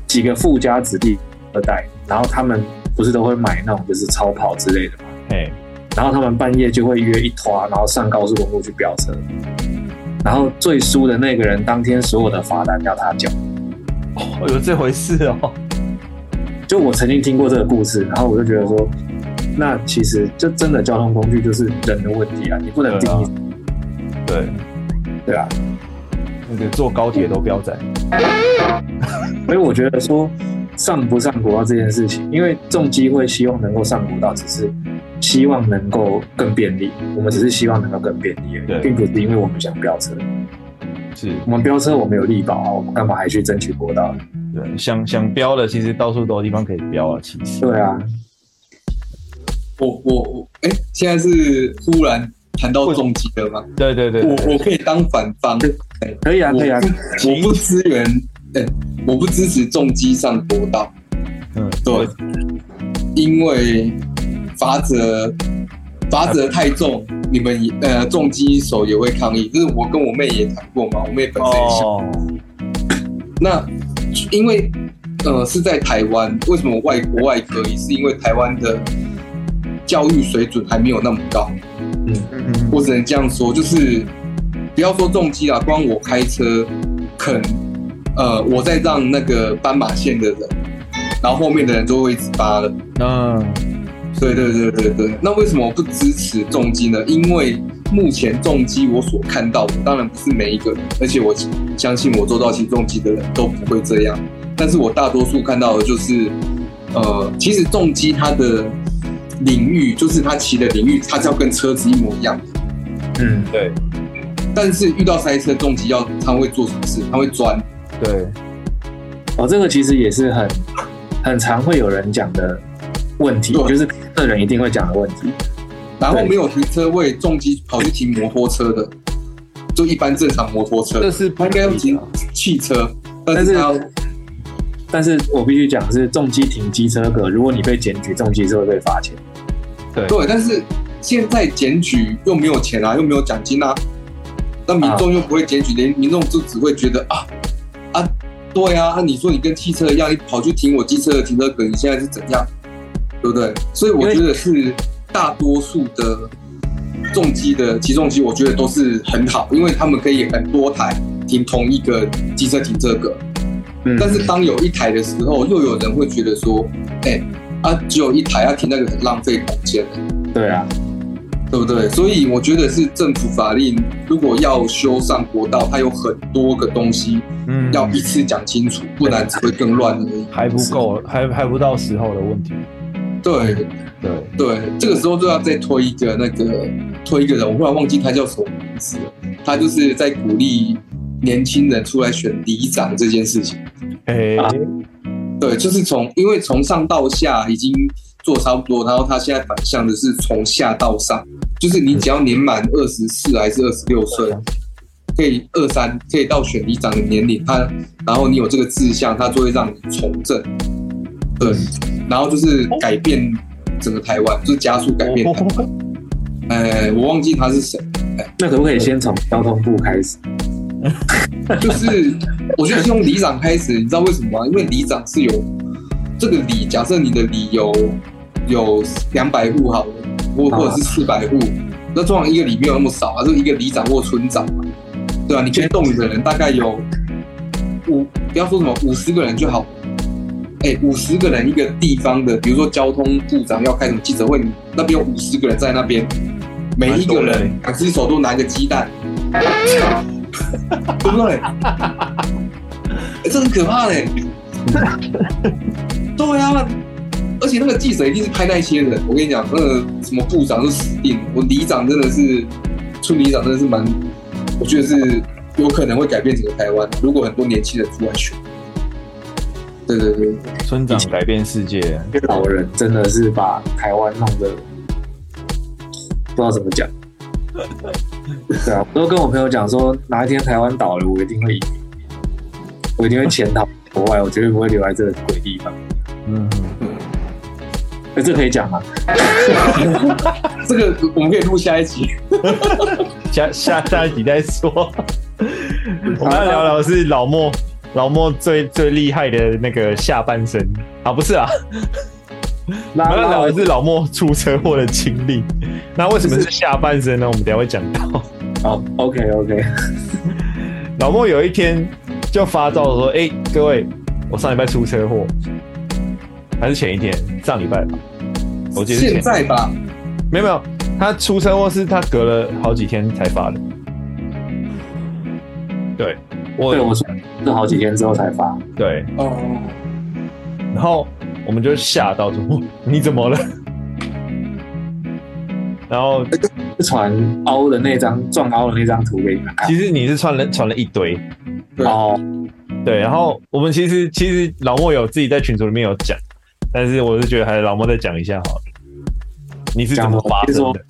幾個富家子弟二代，然後他們不是都會買那種就是超跑之類的嘛？欸，然後他們半夜就會約一團，然後上高速公路去飆車，然後最輸的那個人，當天所有的罰單要他繳。哦，有這回事哦！就我曾經聽過這個故事，然後我就覺得說，那其實就真的交通工具就是人的問題啊，你不能定義。對，對啊。那個坐高鐵都飆在。所以我覺得說上不上國道這件事情，因為重機會希望能夠上國道，只是希望能夠更便利。我們只是希望能夠更便利而已，嗯，並不是因為我們想飆車。是我們飆車，我們我沒有麗寶，我們幹嘛還去爭取國道？對，想想飆的，其實到處都有地方可以飆了，啊。其實對啊，我我我，哎、欸，現在是忽然。談到重機的嗎？對對對，對，對，我我可以當反方，可以啊，欸、可以啊可以啊，我不支援，欸、我不支持重機上國道，嗯，對，因為罰則，罰則太重，你們也呃重機手也會抗議，就是我跟我妹也談過嘛，我妹本身也想，哦、那因為呃是在台灣，為什麼外國外可以，是因為台灣的教育水準還沒有那麼高。嗯嗯嗯，我只能這樣說，就是不要說重機啦，光我開車，肯，呃，我在讓那個斑馬線的人，然後後面的人就會一直扒了。嗯、啊，對，對對對對對。那為什麼我不支持重機呢？因為目前重機我所看到的，當然不是每一個人，而且我相信我做到騎重機的人都不會這樣。但是我大多數看到的就是，呃，其實重機它的。領域就是他騎的領域，他就要跟車子一模一樣的。嗯，對。但是遇到塞車、重機，要他會做什麼事？他會鑽。對。哦，這個其實也是很很常會有人講的問題對，就是客人一定會講的問題。然後沒有停車位，重機跑去停摩托車的，就一般正常摩托車。這是不應該要停汽車，但是,要但是，但是我必須講是重機停機車格，如果你被檢舉，重機是會被罰錢。對，但是現在檢舉又沒有錢啊，又沒有獎金啊，那民眾又不會檢舉，oh. 連民眾就只會覺得啊啊，對啊，那你說你跟汽車一樣，你跑去停我機車的停車格，你現在是怎樣？對不對？所以我覺得是大多數的重機的騎重機，我覺得都是很好，因為他們可以很多台停同一個機車停車格，嗯、但是當有一台的時候，又有人會覺得說，哎、欸。他、啊、只有一台，要、啊、聽那個很浪費空間的。對啊，對不對？所以我覺得是政府法令，如果要修上國道，它有很多個東西，嗯，要一次講清楚、嗯，不然只會更亂而已。還不夠，還還不到時候的問題。對，對對，這個時候就要再推一個那個推一個人，我忽然忘記他叫什麼名字，他就是在鼓勵年輕人出來選里長這件事情。哎、欸。啊對，就是從，因為從上到下已經做差不多，然後他現在反向的是從下到上，就是你只要年滿二十四還是二十六歲，可以二三，可以到選里長的年齡，他，然後你有這個志向，他就會讓你從政，對，然後就是改變整個台灣，就是加速改變台灣。哎，我忘記他是誰，哎，那可不可以先從交通部開始？ 就是，我覺得是從里長開始，你知道為什麼嗎？因為里長是有這個里，假設你的里有有兩百戶好了，或或者是四百戶，啊、那通常一個里沒有那麼少啊，就一個里長或村長，對啊，你可以動的人大概有五，不要說什麼五十個人就好，哎、欸，五十個人一個地方的，比如說交通部長要開什麼記者會，那邊有五十個人在那邊，每一個人兩隻、欸、手都拿一個雞蛋。 對不對？這、欸、很可怕嘞、欸！對呀、啊，而且那個記者一定是拍那些人。我跟你講，那個什麼部長是死定了。我里長真的是，村里長真的是蠻，我覺得是有可能會改變整個台灣。如果很多年輕人出來選，對，對對，村長改變世界，老人真的是把台灣弄得不知道怎麼講。對對對對啊，我都跟我朋友講說，哪一天台灣倒了，我一定會，我一定會潛逃國外，我絕對不會留在這個鬼地方。嗯哼哼，哎、欸，這個、可以講嗎？ 這個我們可以錄下一集， 下下下一集再說。 我們要聊聊是老默，老默最最厲害的那個下半身啊，不是啊。那講的是老默出車禍的經歷。那為什麼是下半身呢？我們等一下會講到。好，OK OK。老默有一天就發照說：“哎、欸，各位，我上禮拜出車禍，還是前一天？上禮拜吧？我記得是現在吧？沒有沒有，他出車禍是他隔了好幾天才發的。對，我對我是好幾天之後才發。對，哦、然後。”我們就嚇到說：“你怎麼了？”然後傳凹的那張、撞凹的那張圖給你看看。其實你是傳了、傳了一堆。哦，對，然後我們其實、其實老莫有自己在群組裡面有講，但是我是覺得還是老莫再講一下好了，你是怎麼發生的？的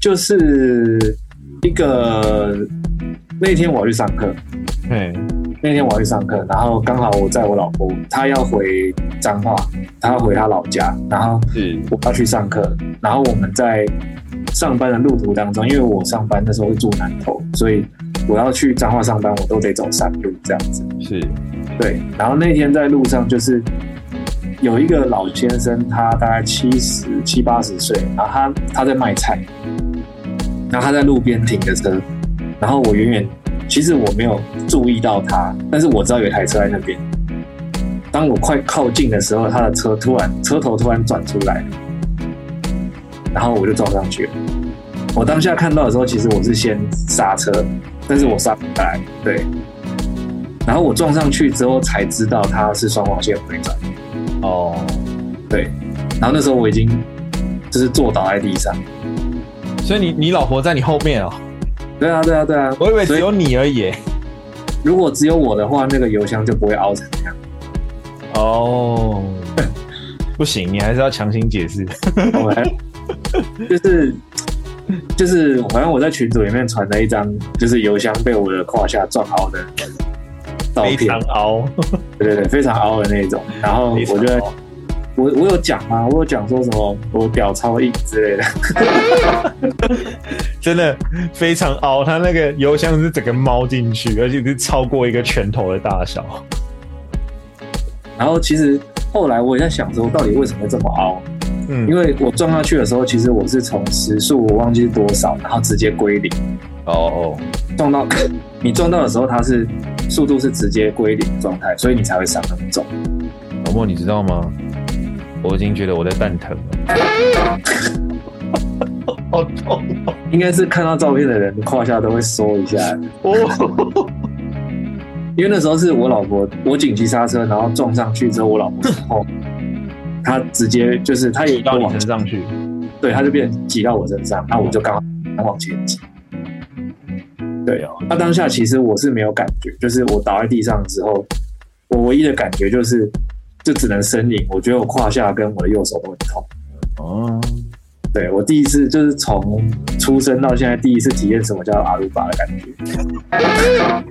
就是、就是一個。那天我要去上課，嗯，那天我要去上課，然後剛好我載我老婆，她要回彰化，她要回她老家，然後我要去上課，然後我們在上班的路途當中，因為我上班的時候住南投，所以我要去彰化上班，我都得走山路這樣子，是，對，然後那天在路上就是有一個老先生，他大概七十七八十歲，然後他他在賣菜，然後他在路邊停着車。然後我遠遠，其實我沒有注意到他，但是我知道有一台車在那邊。當我快靠近的時候，他的車突然車頭突然轉出來，然後我就撞上去了。我當下看到的時候，其實我是先剎車，但是我剎不來，對。然後我撞上去之後，才知道他是雙黃線回轉。哦，對。然後那時候我已經就是坐倒在地上。所以你你老婆在你後面啊、哦？對啊對啊對啊，我以為只有你而已。如果只有我的話，那個油箱就不會凹成這樣。哦、oh, 不行，你還是要強行解釋。 我就是就是，好、就、像、是、我在群組裡面傳了一張，就是油箱被我的胯下撞凹的照片，非常凹。 對對對，非常凹的那一種。然後我就。我我有講嗎？我有講、啊、說什麼我表超硬之類的， 真的非常凹，它那個油箱是整個貓進去，而且是超過一個拳頭的大小。然後其實後來我也在想說，到底為什麼這麼凹？嗯，因為我撞下去的時候，其實我是從時速我忘記多少，然後直接歸零。哦、oh.，撞到 你撞到的時候，它是速度是直接歸零的狀態，所以你才會傷那麼重。老默，你知道嗎？我已經覺得我在蛋疼了，好痛！應該是看到照片的人胯下都會縮一下、欸。因為那時候是我老婆，我緊急剎車，然後撞上去之後，我老婆之後，她直接就是她也到我身上去，對，她就變擠到我身上、啊，那我就剛往前擠。對哦，他當下其實我是沒有感覺，就是我倒在地上之後，我唯一的感覺就是。就只能呻吟，我覺得我胯下跟我的右手都很痛。哦、嗯，對，我第一次就是從出生到現在第一次體驗什麼叫阿魯巴的感覺、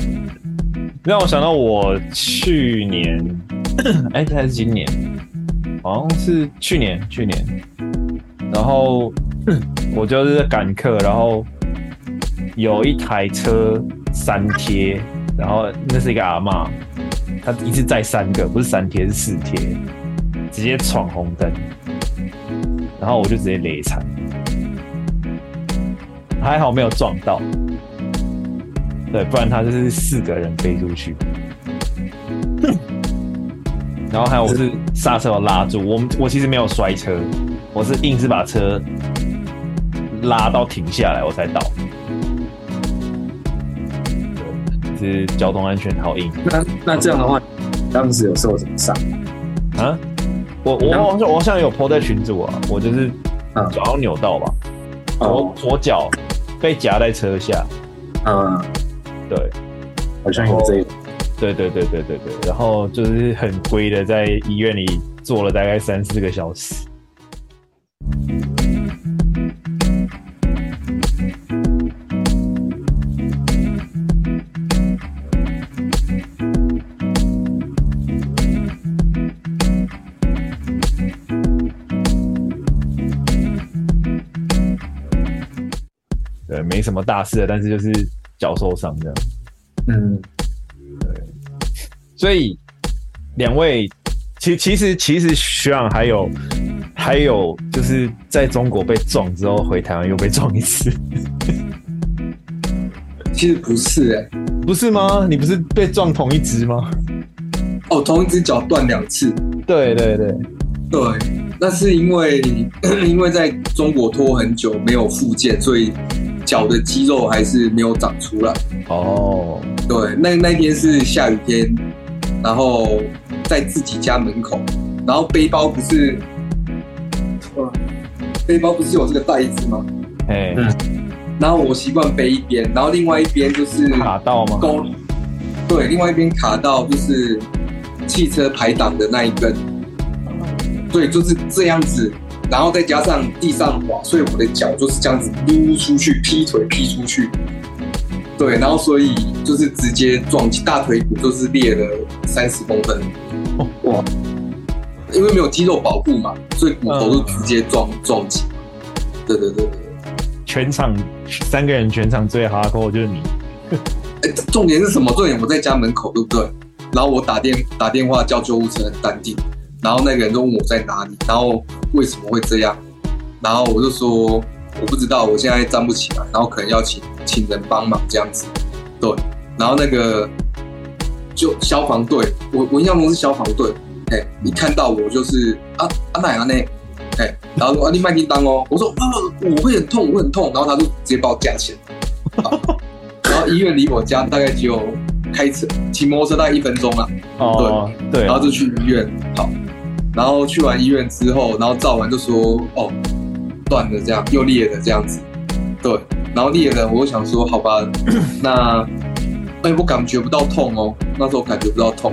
嗯，讓我想到我去年，哎、欸，還是今年，好像是去年，去年，然後、嗯、我就是趕課，然後有一台車三貼，然後那是一個阿嬤。他一次載三個，不是三天是四天，直接闖紅燈，然後我就直接雷殘，還好沒有撞到，對，不然他就是四個人飛出去，然後還有我是剎車要拉住，我我其實沒有摔車，我是硬是把車拉到停下來我才倒。是交通安全好硬。嗯、那那這樣的話，嗯、當時有受什麼傷？啊？我我我好像有 po 在群組啊、嗯，我就是腳要扭到吧，嗯、我左左腳被夾在車下。嗯，對，好像有這一種。對對對對對對，然後就是很龜的在醫院裡坐了大概三四個小時什麼大事，但是就是腳受傷這樣。嗯，對。所以兩位，其其實其實徐朗還有還有就是在中國被撞之後回台灣又被撞一次。其實不是哎、欸，不是嗎？你不是被撞同一隻嗎？哦，同一隻腳斷兩次。對對對對，那是因為因為在中國拖很久沒有復健，所以。腳的肌肉還是沒有長出來哦、Oh.。對，那那天是下雨天，然後在自己家門口，然後背包不是，背包不是有這個帶子嗎？Hey. 嗯，然後我習慣背一邊，然後另外一邊就是卡到嗎？勾。對，另外一邊卡到就是汽車排擋的那一根。對，就是這樣子。然後再加上地上滑，所以我的腳就是這樣子擼出去，劈腿劈出去，對，然後所以就是直接撞擊大腿骨，就是裂了三十公分。哇！因為沒有肌肉保護嘛，所以骨頭就直接撞、嗯、撞擊。對對對對，全場三個人全場最哈扣、啊、就是你 誒。重點是什麼重點？我在家門口，對不對？然後我打電打電話叫救護車，淡定。然後那個人就問我在哪裡，然後為什麼會這樣，然後我就說我不知道，我現在站不起來，然後可能要請請人幫忙這樣子，對。然後那個就消防隊，我我印象中是消防隊，誒，你看到我就是啊啊奶啊，奶、啊、然後說啊你賣你當哦，我說啊我會很痛，我會很痛，然後他就直接把我架起來，然後，然後醫院離我家大概只有。開車騎摩托車大概一分鐘啊，哦、對，然後就去醫院，啊，好，然後去完醫院之後，然後照完就說哦斷了這樣，又裂了這樣子，對，然後裂了，我想說好吧， 那哎、欸、我感覺不到痛哦、喔，那時候感覺不到痛，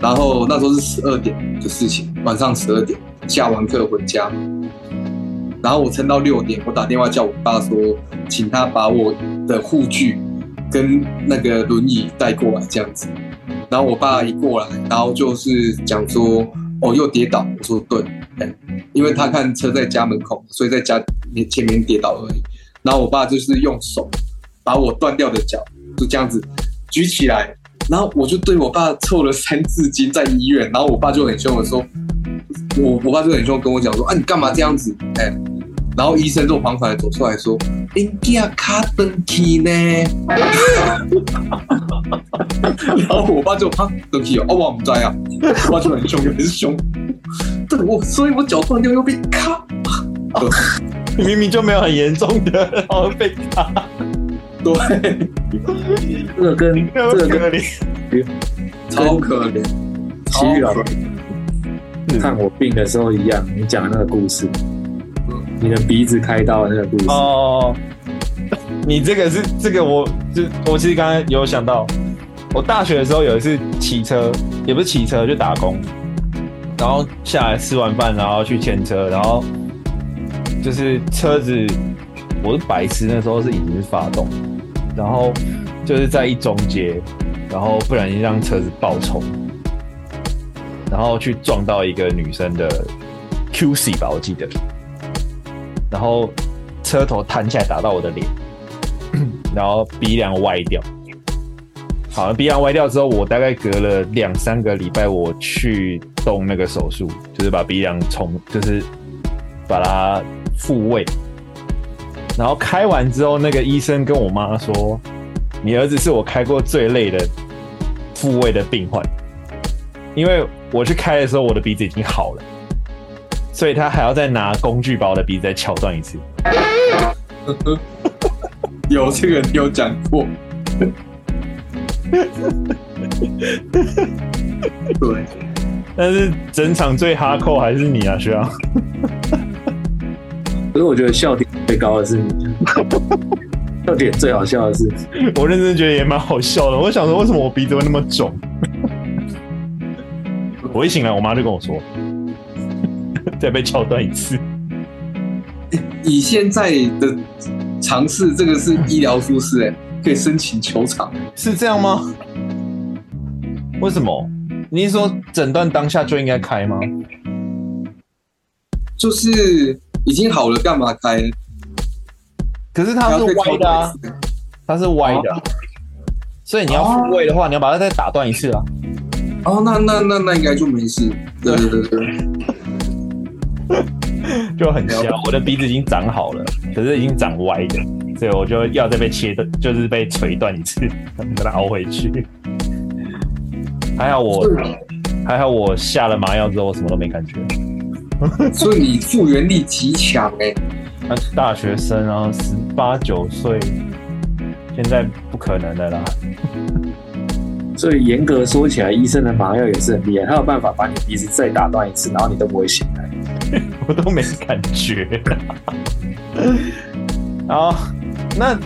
然後那時候是十二點的事情，晚上十二點下完課回家，然後我撐到六點，我打電話叫我爸說，請他把我的護具跟那個輪椅帶過來這樣子，然後我爸一過來，然後就是講說，哦，又跌倒。我說對、欸，因為他看車在家門口，所以在家前面跌倒而已。然後我爸就是用手把我斷掉的腳就這樣子舉起來，然後我就對我爸湊了三字經在醫院，然後我爸就很兇的說，我我爸就很兇跟我講說，啊，你幹嘛這樣子，哎、欸。然後醫生就緩緩的走出來說 i n j u r e cut a n key 呢？” 然後我爸就怕東西哦。喔」我唔知啊，我爸就很凶，又是凶。對我，所以我腳斷掉又被卡。明明就沒有很嚴重的，然後被卡。對你 這，這個跟這個可憐，超可憐。騎慾老師看我病的時候一樣，你講的那個故事。你的鼻子開刀那個故事哦、oh, oh,，oh, oh, oh. 你這個是這個我，我就我其實剛才有想到，我大學的時候有一次騎車，也不是騎車，就打工，然後下來吃完飯，然後去牽車，然後就是車子，我是白痴，那時候是已經是發動，然後就是在一中街，然後不小心讓車子爆衝，然後去撞到一個女生的 QC 吧，我記得。然後車頭彈起來打到我的臉，然後鼻樑歪掉。好了，鼻樑歪掉之後，我大概隔了兩三個禮拜，我去動那個手術，就是把鼻樑重，就是把它復位。然後開完之後，那個醫生跟我媽說：“你兒子是我開過最累的復位的病患，因為我去開的時候，我的鼻子已經好了。”所以他還要再拿工具把我的鼻子再敲斷一次。 有這個人有講過。 對，但是整場最哈扣還是你啊，需要。可是我覺得笑點最高的是你，笑,, 笑點最好笑的是我認真覺得也蠻好笑的。我想說，為什麼我鼻子會那麼腫？ 我一醒來，我媽就跟我說。再被敲斷一次，以現在的嘗試，這個是醫療疏失誒，可以申請求償 是這樣嗎？嗯、為什麼？你是說診斷當下就應該開嗎？就是已經好了，幹嘛開？可是它是歪的，啊要啊，它是歪的啊啊，所以你要復位的話，你要把它再打斷一次啊，啊！哦，那那那那應該就沒事。對對對。就很像，我的鼻子已經長好了，可是已經長歪了，所以我就要再被切斷，就是被錘斷一次，把它凹回去。還好我，還好我下了麻藥之後，我什麼都沒感覺。所以你復原力極強哎！是大學生啊，十八九歲，現在不可能的啦。所以嚴格說起來，醫生的麻藥也是很厲害，他有辦法把你鼻子再打斷一次，然後你都不會醒。我都沒感覺好。好，那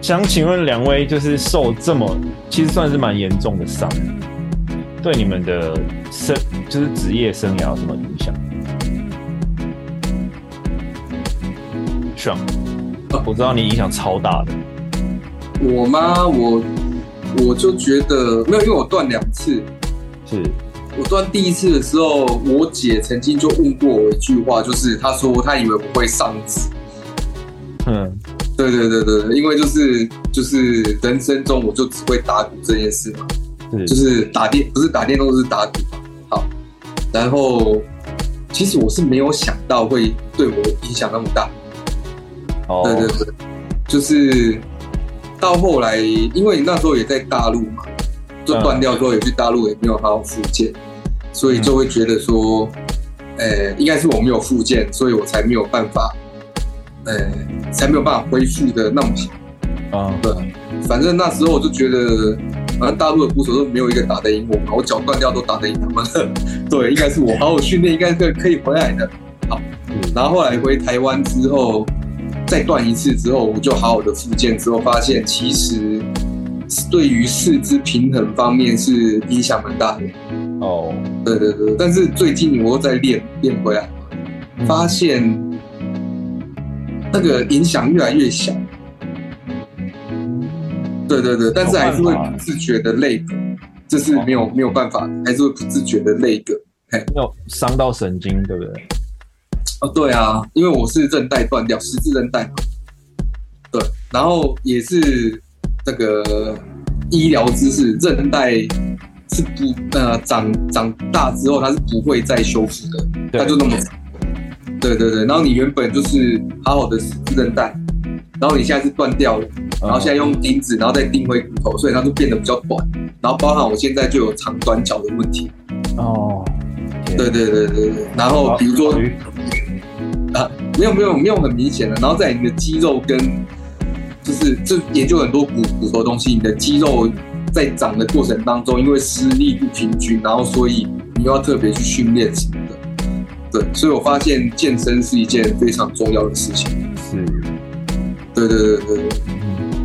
想請問兩位，就是受這麼其實算是蠻嚴重的傷，對你們的生，就是職業生涯有什麼影響？是啊，我知道你影響超大的。我嗎？我我就覺得，沒有，因為我斷兩次。是。我斷第一次的時候，我姐曾經就問過我一句話，就是她說她以為我會喪志。嗯，對對對對，因為就是就是人生中我就只會打鼓這件事嘛，嗯、就是打電不是打電動是打鼓嘛。好，然後其實我是沒有想到會對我的影響那麼大，嗯。對對對，就是到後來，因為那時候也在大陸嘛。就斷掉之後，也去大陸也沒有好好復健，所以就會覺得說，誒，應該是我沒有復健，所以我才沒有辦法，誒，才沒有辦法恢復的那麼好。啊，對，反正那時候我就覺得，反正大陸的鼓手都沒有一個打得贏我嘛，我腳斷掉都打得贏他們。對，應該是我好好訓練，應該是可以回來的。好，然後後來回台灣之後，再斷一次之後，我就好好的復健之後，發現其實。對於四肢平衡方面是影響蠻大的哦、oh.，對對對，但是最近我又在練練回來，發現那個影響越來越小。對對對，但是還是會不自覺的累個，這是沒有、oh. 沒有辦法，還是會不自覺的累個，哎，沒有傷到神經對不對？哦，對啊，因為我是韌帶斷掉，十字韌帶，對，然後也是。這個醫療知識，韌帶是不呃，長長大之後，它是不會再修復的，它就那麼長。Okay. 對對對，然後你原本就是好好的韌帶，然後你現在是斷掉了，然後現在用釘子，然後再釘回骨頭，哦，所以它就變得比較短。然後包含我現在就有長短腳的問題。哦，okay. 對對對對，然後比如說啊，沒有沒有沒有很明顯的，然後在你的肌肉跟。就是，就研究很多骨骨頭東西。你的肌肉在長的過程當中，因為施力不平均，然後所以你要特別去訓練什麼的。對，所以我發現健身是一件非常重要的事情。是，對對對對對，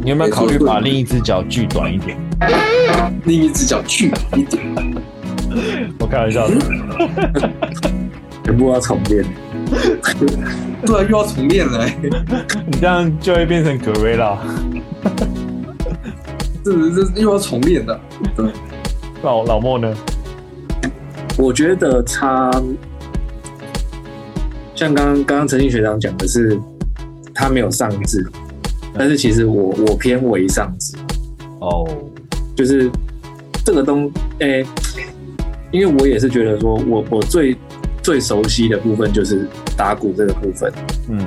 你有沒有考慮把另一隻腳鋸短一點？啊、 另一隻腳鋸一點？我開玩笑的。 全部要重練？ 對，又要重練了、欸。你這樣就會變成格威了。 是不是，又要重練了。老老默呢？我覺得他像剛剛剛陳靜學長講的是，他沒有上智，但是其實我我偏為上智哦，oh. 就是這個東誒、欸，因為我也是覺得說我，我我最，最熟悉的部分就是打鼓這個部分，嗯，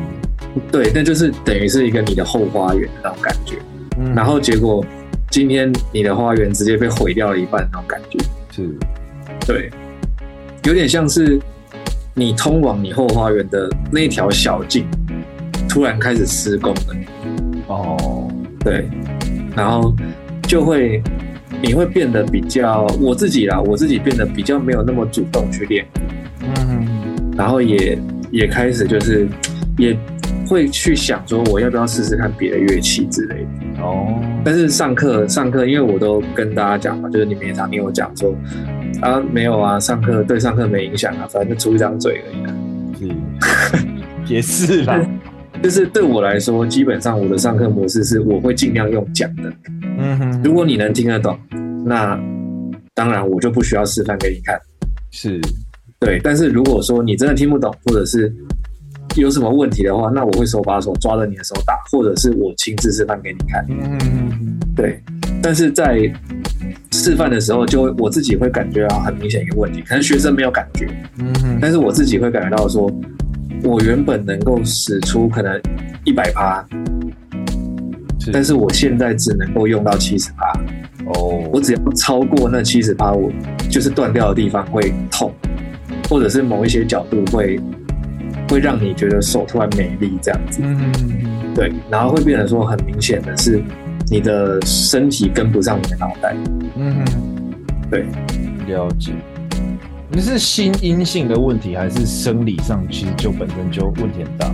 對，那就是等於是一個你的後花園那種感覺，嗯，然後結果今天你的花園直接被毀掉了一半那種感覺，是，對，有點像是你通往你後花園的那條小徑突然開始施工了，哦，對，然後就會你會變得比較我自己啦，我自己變得比較沒有那麼主動去練。然後也也開始就是，也會去想說，我要不要試試看別的樂器之類的哦。但是上課上課，因為我都跟大家講嘛，就是你們也常聽我講說啊，沒有啊，上課對上課沒影響啊，反正就出一張嘴而已啊。嗯，也是吧。 就是對我來說，基本上我的上課模式是，我會儘量用講的。嗯哼，如果你能聽得懂，那當然我就不需要示範給你看。是。對，但是如果說你真的聽不懂，或者是有什麼問題的話，那我會手把手抓着你的手打，或者是我親自示範給你看。對，但是在示範的時候就會，就我自己會感覺到很明顯一個問題，可能學生沒有感覺。但是我自己會感覺到說，我原本能夠使出可能一百趴，但是我現在只能夠用到七十趴。哦，oh, 我只要超過那七十趴，我就是斷掉的地方會痛。或者是某一些角度會會讓你覺得手突然沒力，這樣子，嗯，嗯，嗯、對，然後會變得說很明顯的是你的身體跟不上你的腦袋，嗯，嗯，對，了解。你是心因性的問題，還是生理上其實就本身就問題很大？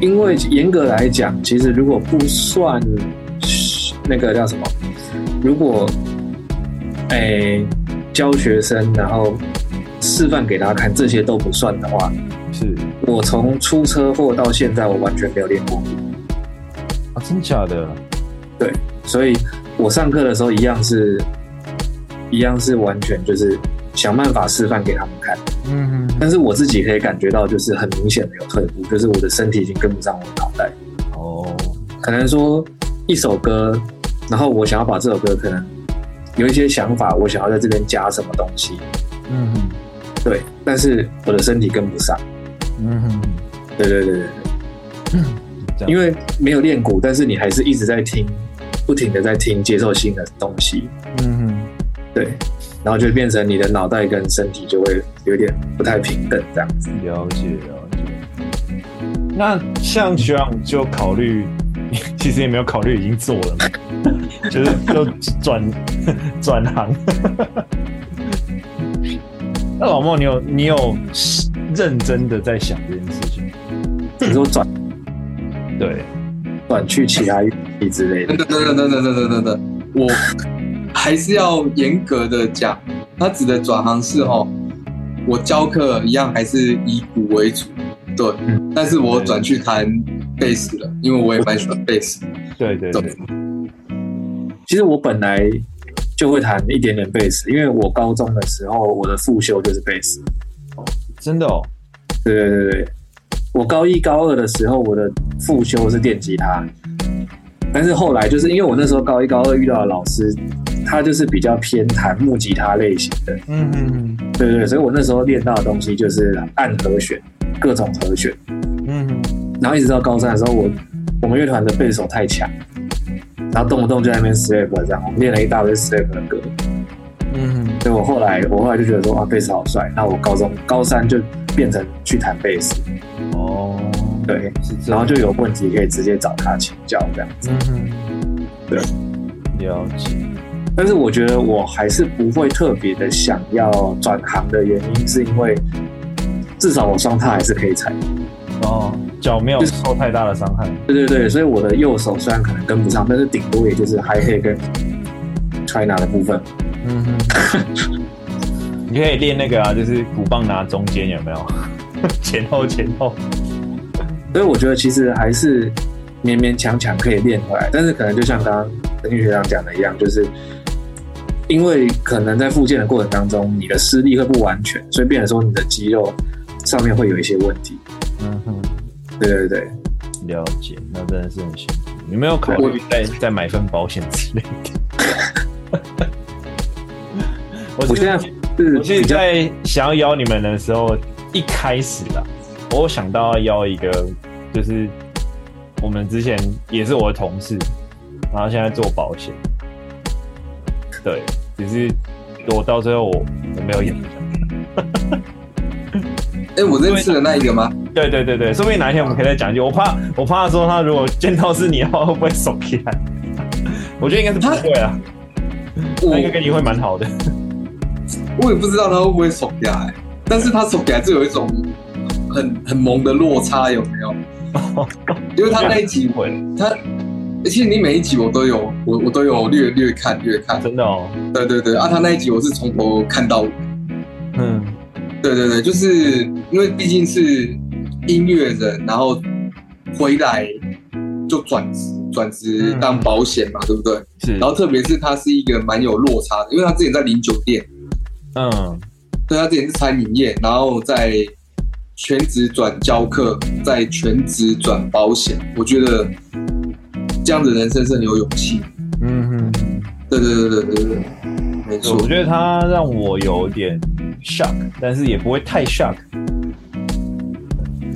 因為嚴格來講，其實如果不算那個叫什麼，如果誒、欸、教學生然後。示範給大家看，這些都不算的話，是我從出車禍到現在，我完全沒有練過。啊，真的假的？對，所以我上課的時候一樣是一樣是完全就是想辦法示範給他們看。嗯，但是我自己可以感覺到，就是很明顯沒有退步，就是我的身體已經跟不上我的腦袋。哦，可能說一首歌，然後我想要把這首歌，可能有一些想法，我想要在這邊加什麼東西。嗯。對，但是我的身體跟不上。嗯哼，對對對對對。因為沒有練鼓，但是你還是一直在聽，不停的在聽，接受新的東西。嗯哼，對，然後就變成你的腦袋跟身體就會有點不太平等這樣子。了解了解。那像這樣就考慮，其實也沒有考慮，已經做了嘛， 就是就轉 轉行。 那老默，你有你有認真的在想這件事情？ 你說轉？對，轉去其他樂器之類的？等等等等等等等等，我還是要嚴格的講，他指的轉行是哦，我教課一樣還是以鼓為主，對，嗯、但是我轉去彈貝斯了對對對對，因為我也蠻喜歡貝斯，對對對、對。其實我本來。就會彈一點點貝斯，因為我高中的時候我的副修就是貝斯。真的哦。對對對，我高一高二的時候我的副修是電吉他，但是後來就是因為我那時候高一高二遇到的老師，他就是比較偏彈木吉他類型的。嗯嗯、嗯對對、對所以我那時候練到的東西就是按和弦，各種和弦。嗯、嗯。然後一直到高三的時候，我我們樂團的貝手太強。然後動不動就在那邊 slap 這樣，我練了一大堆 slap 的歌。嗯，所以我後來我後來就覺得說，哇、啊，貝斯好帥。那我高中高三就變成去彈貝斯。哦，對是是，然後就有問題可以直接找他請教這樣子。嗯，對，了解。但是我覺得我還是不會特別的想要轉行的原因，是因為至少我雙踏還是可以踩。哦，腳沒有，受太大的傷害。就是、對對對，所以我的右手雖然可能跟不上，嗯、但是頂多也就是 hi-hat 跟 China 的部分。嗯哼， 你可以練那個啊，就是鼓棒拿中間有沒有？ 前後前後。所以我覺得其實還是勉勉強強可以練回來，但是可能就像剛剛陳靜學長講的一樣，就是因為可能在復健的過程當中，你的施力會不完全，所以變成說你的肌肉上面會有一些問題。嗯哼，對對對，了解，那真的是很辛苦。有沒有考慮再買份保險之類的？ 我，就是、我現在，我現在想要邀你們的時候，一開始啊，我想到要邀一個，就是我們之前也是我的同事，然後現在做保險。對，只是我到最後我我沒有邀。哎、 欸，我認識的那一個嗎？ 對對對對，說不定哪一天我們可以再講一句。我怕我怕說他如果見到是你的話，會不會慫起來？我覺得應該是不會啊。他應該跟你會蠻好的我。我也不知道他會不會慫起來、欸，但是他慫起來就有一種很很萌的落差有沒有？因為他那一集，他其實你每一集我都有，我我都有略略看略看。真的哦，對對對，啊，他那一集我是從頭看到尾。嗯，對對對，就是因為畢竟是。音樂人，然後回來就轉職，轉職當保險嘛，嗯，對不對？是。然後特別是他是一個蠻有落差的，因為他之前在零酒店，嗯，對他之前是餐飲業，然後在全職轉教課，在全職轉保險，我覺得這樣的人生是很有勇氣。嗯哼，對對對對對對，沒錯，我覺得他讓我有點 shock，但是也不會太 shock。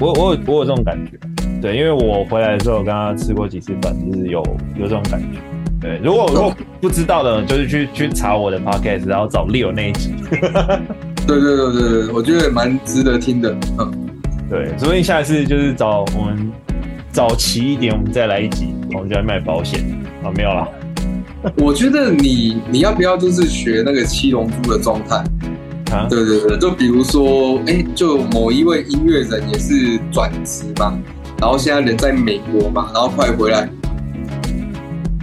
我我有我有這種感覺，對，因為我回來的時候，我跟他吃過幾次飯，就是有有這種感覺。對，如果如果不知道的，Oh. 就是去去查我的 podcast，然後找 Leo 那一集。 對對對對我覺得蠻值得聽的。嗯，對，所以下次就是找我們早起一點，我們再來一集，我們就要賣保險。好，沒有了。我覺得你你要不要就是學那個七龍珠的狀態？啊、對對對，就比如說，哎、欸，就某一位音樂人也是轉職嘛，然後現在人在美國嘛，然後快回來，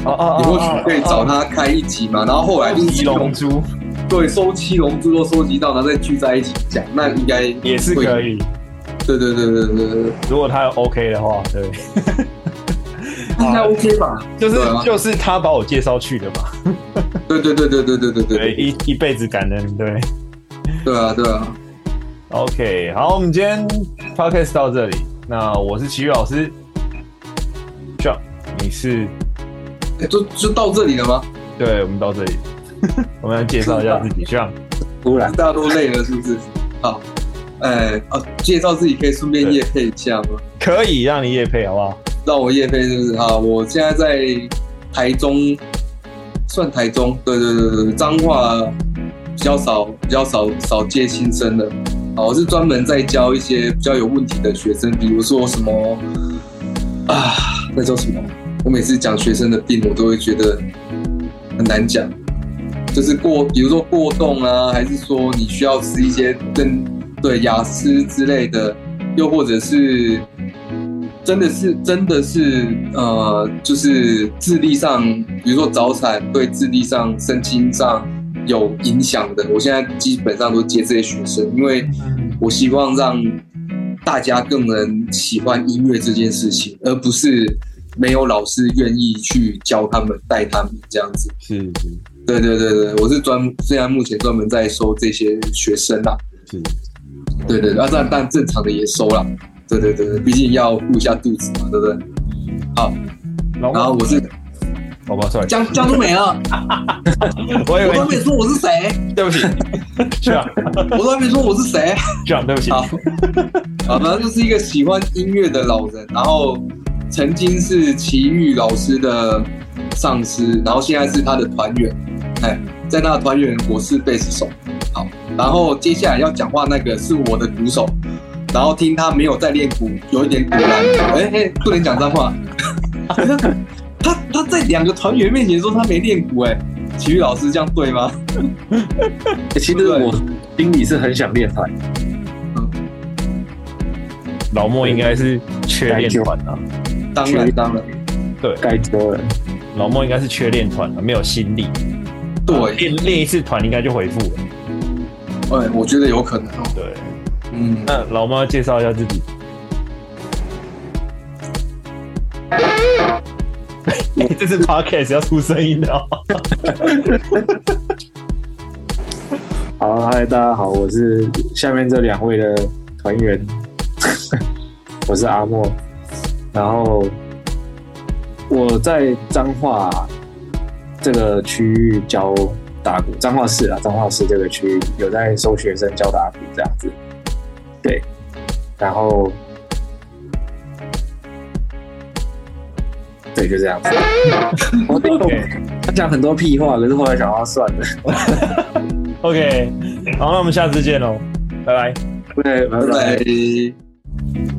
哦、嗯、哦，你、啊嗯啊啊、或許可以找他開一集嘛、啊啊啊，然後後來七龍珠，對，收七龍珠都收集到，然後再聚在一起講，那應該也是可以。對對對，對對對對對對，如果他 OK 的話，對，應、啊、該 OK 吧，就是、啊、就是他把我介紹去的嘛。對對對對對對對，一一輩子感恩，對。對啊，對啊。OK，好，我們今天 podcast 到這裡。那我是騎慾老師 j u 你是，欸、就就到這裡了嗎？對，我們到這裡。 我們來介紹一下自己 j u 突然大家都累了，是不是？好，哎、欸，哦、啊，介紹自己可以順便業配一下嗎？可以讓你業配好不好？讓我業配，是不是？啊，我現在在台中，算台中，對對對對，彰化。嗯比較少，比較少少接新生的啊，我是專門在教一些比較有問題的學生，比如說什麼啊，那叫什麼？我每次講學生的病，我都會覺得很難講，就是過，比如說過動啊，還是說你需要吃一些針，對亞斯之類的，又或者是真的是真的是呃，就是智力上，比如說早產，對智力上、身心上。有影響的，我現在基本上都接這些學生，因為我希望讓大家更能喜歡音樂這件事情，而不是沒有老師願意去教他們、帶他們這樣子。嗯，對對對對，我是專，現在目前專門在收這些學生啦。對，對對，那、啊、但但正常的也收了。對對對，畢竟要顧一下肚子嘛，對不對，對？好，然後我是。龍龍好不錯，江江都沒了 我。我都沒說我是誰，對不起。是啊，我都沒說我是誰。這樣對不起。好，啊，反正就是一個喜歡音樂的老人，然後曾經是騎慾老師的上司，然後現在是他的團員。哎，在那團員，我是貝斯手。好，然後接下來要講話那個是我的鼓手，然後聽他沒有在練鼓，有一點孤單。哎、欸、哎、欸，不能講髒話。他他在兩個團員面前說他沒練鼓，欸，哎，騎慾老師這樣對嗎？ 欸、其實我心裡是很想練團。老莫應該是缺練團啊，當然當然。對，該折了。嗯、老莫應該是缺練團、啊，沒有心力。對，練、啊、練一次團應該就回復了。哎，我覺得有可能。對，嗯，那老莫要介紹一下自己。這是 podcast 要出聲音的。哦。！ 好，嗨，大家好，我是下面這兩位的團員，我是阿默，然後我在彰化這個區域教打鼓，彰化市啊，彰化市這個區域有在收學生教打鼓這樣子，對，然後。對，就這樣子。欸、o、okay. K，、okay. 他講很多屁話，可是後來講話算了。 o、okay. K，好，那我們下次見嘍，拜拜，拜拜。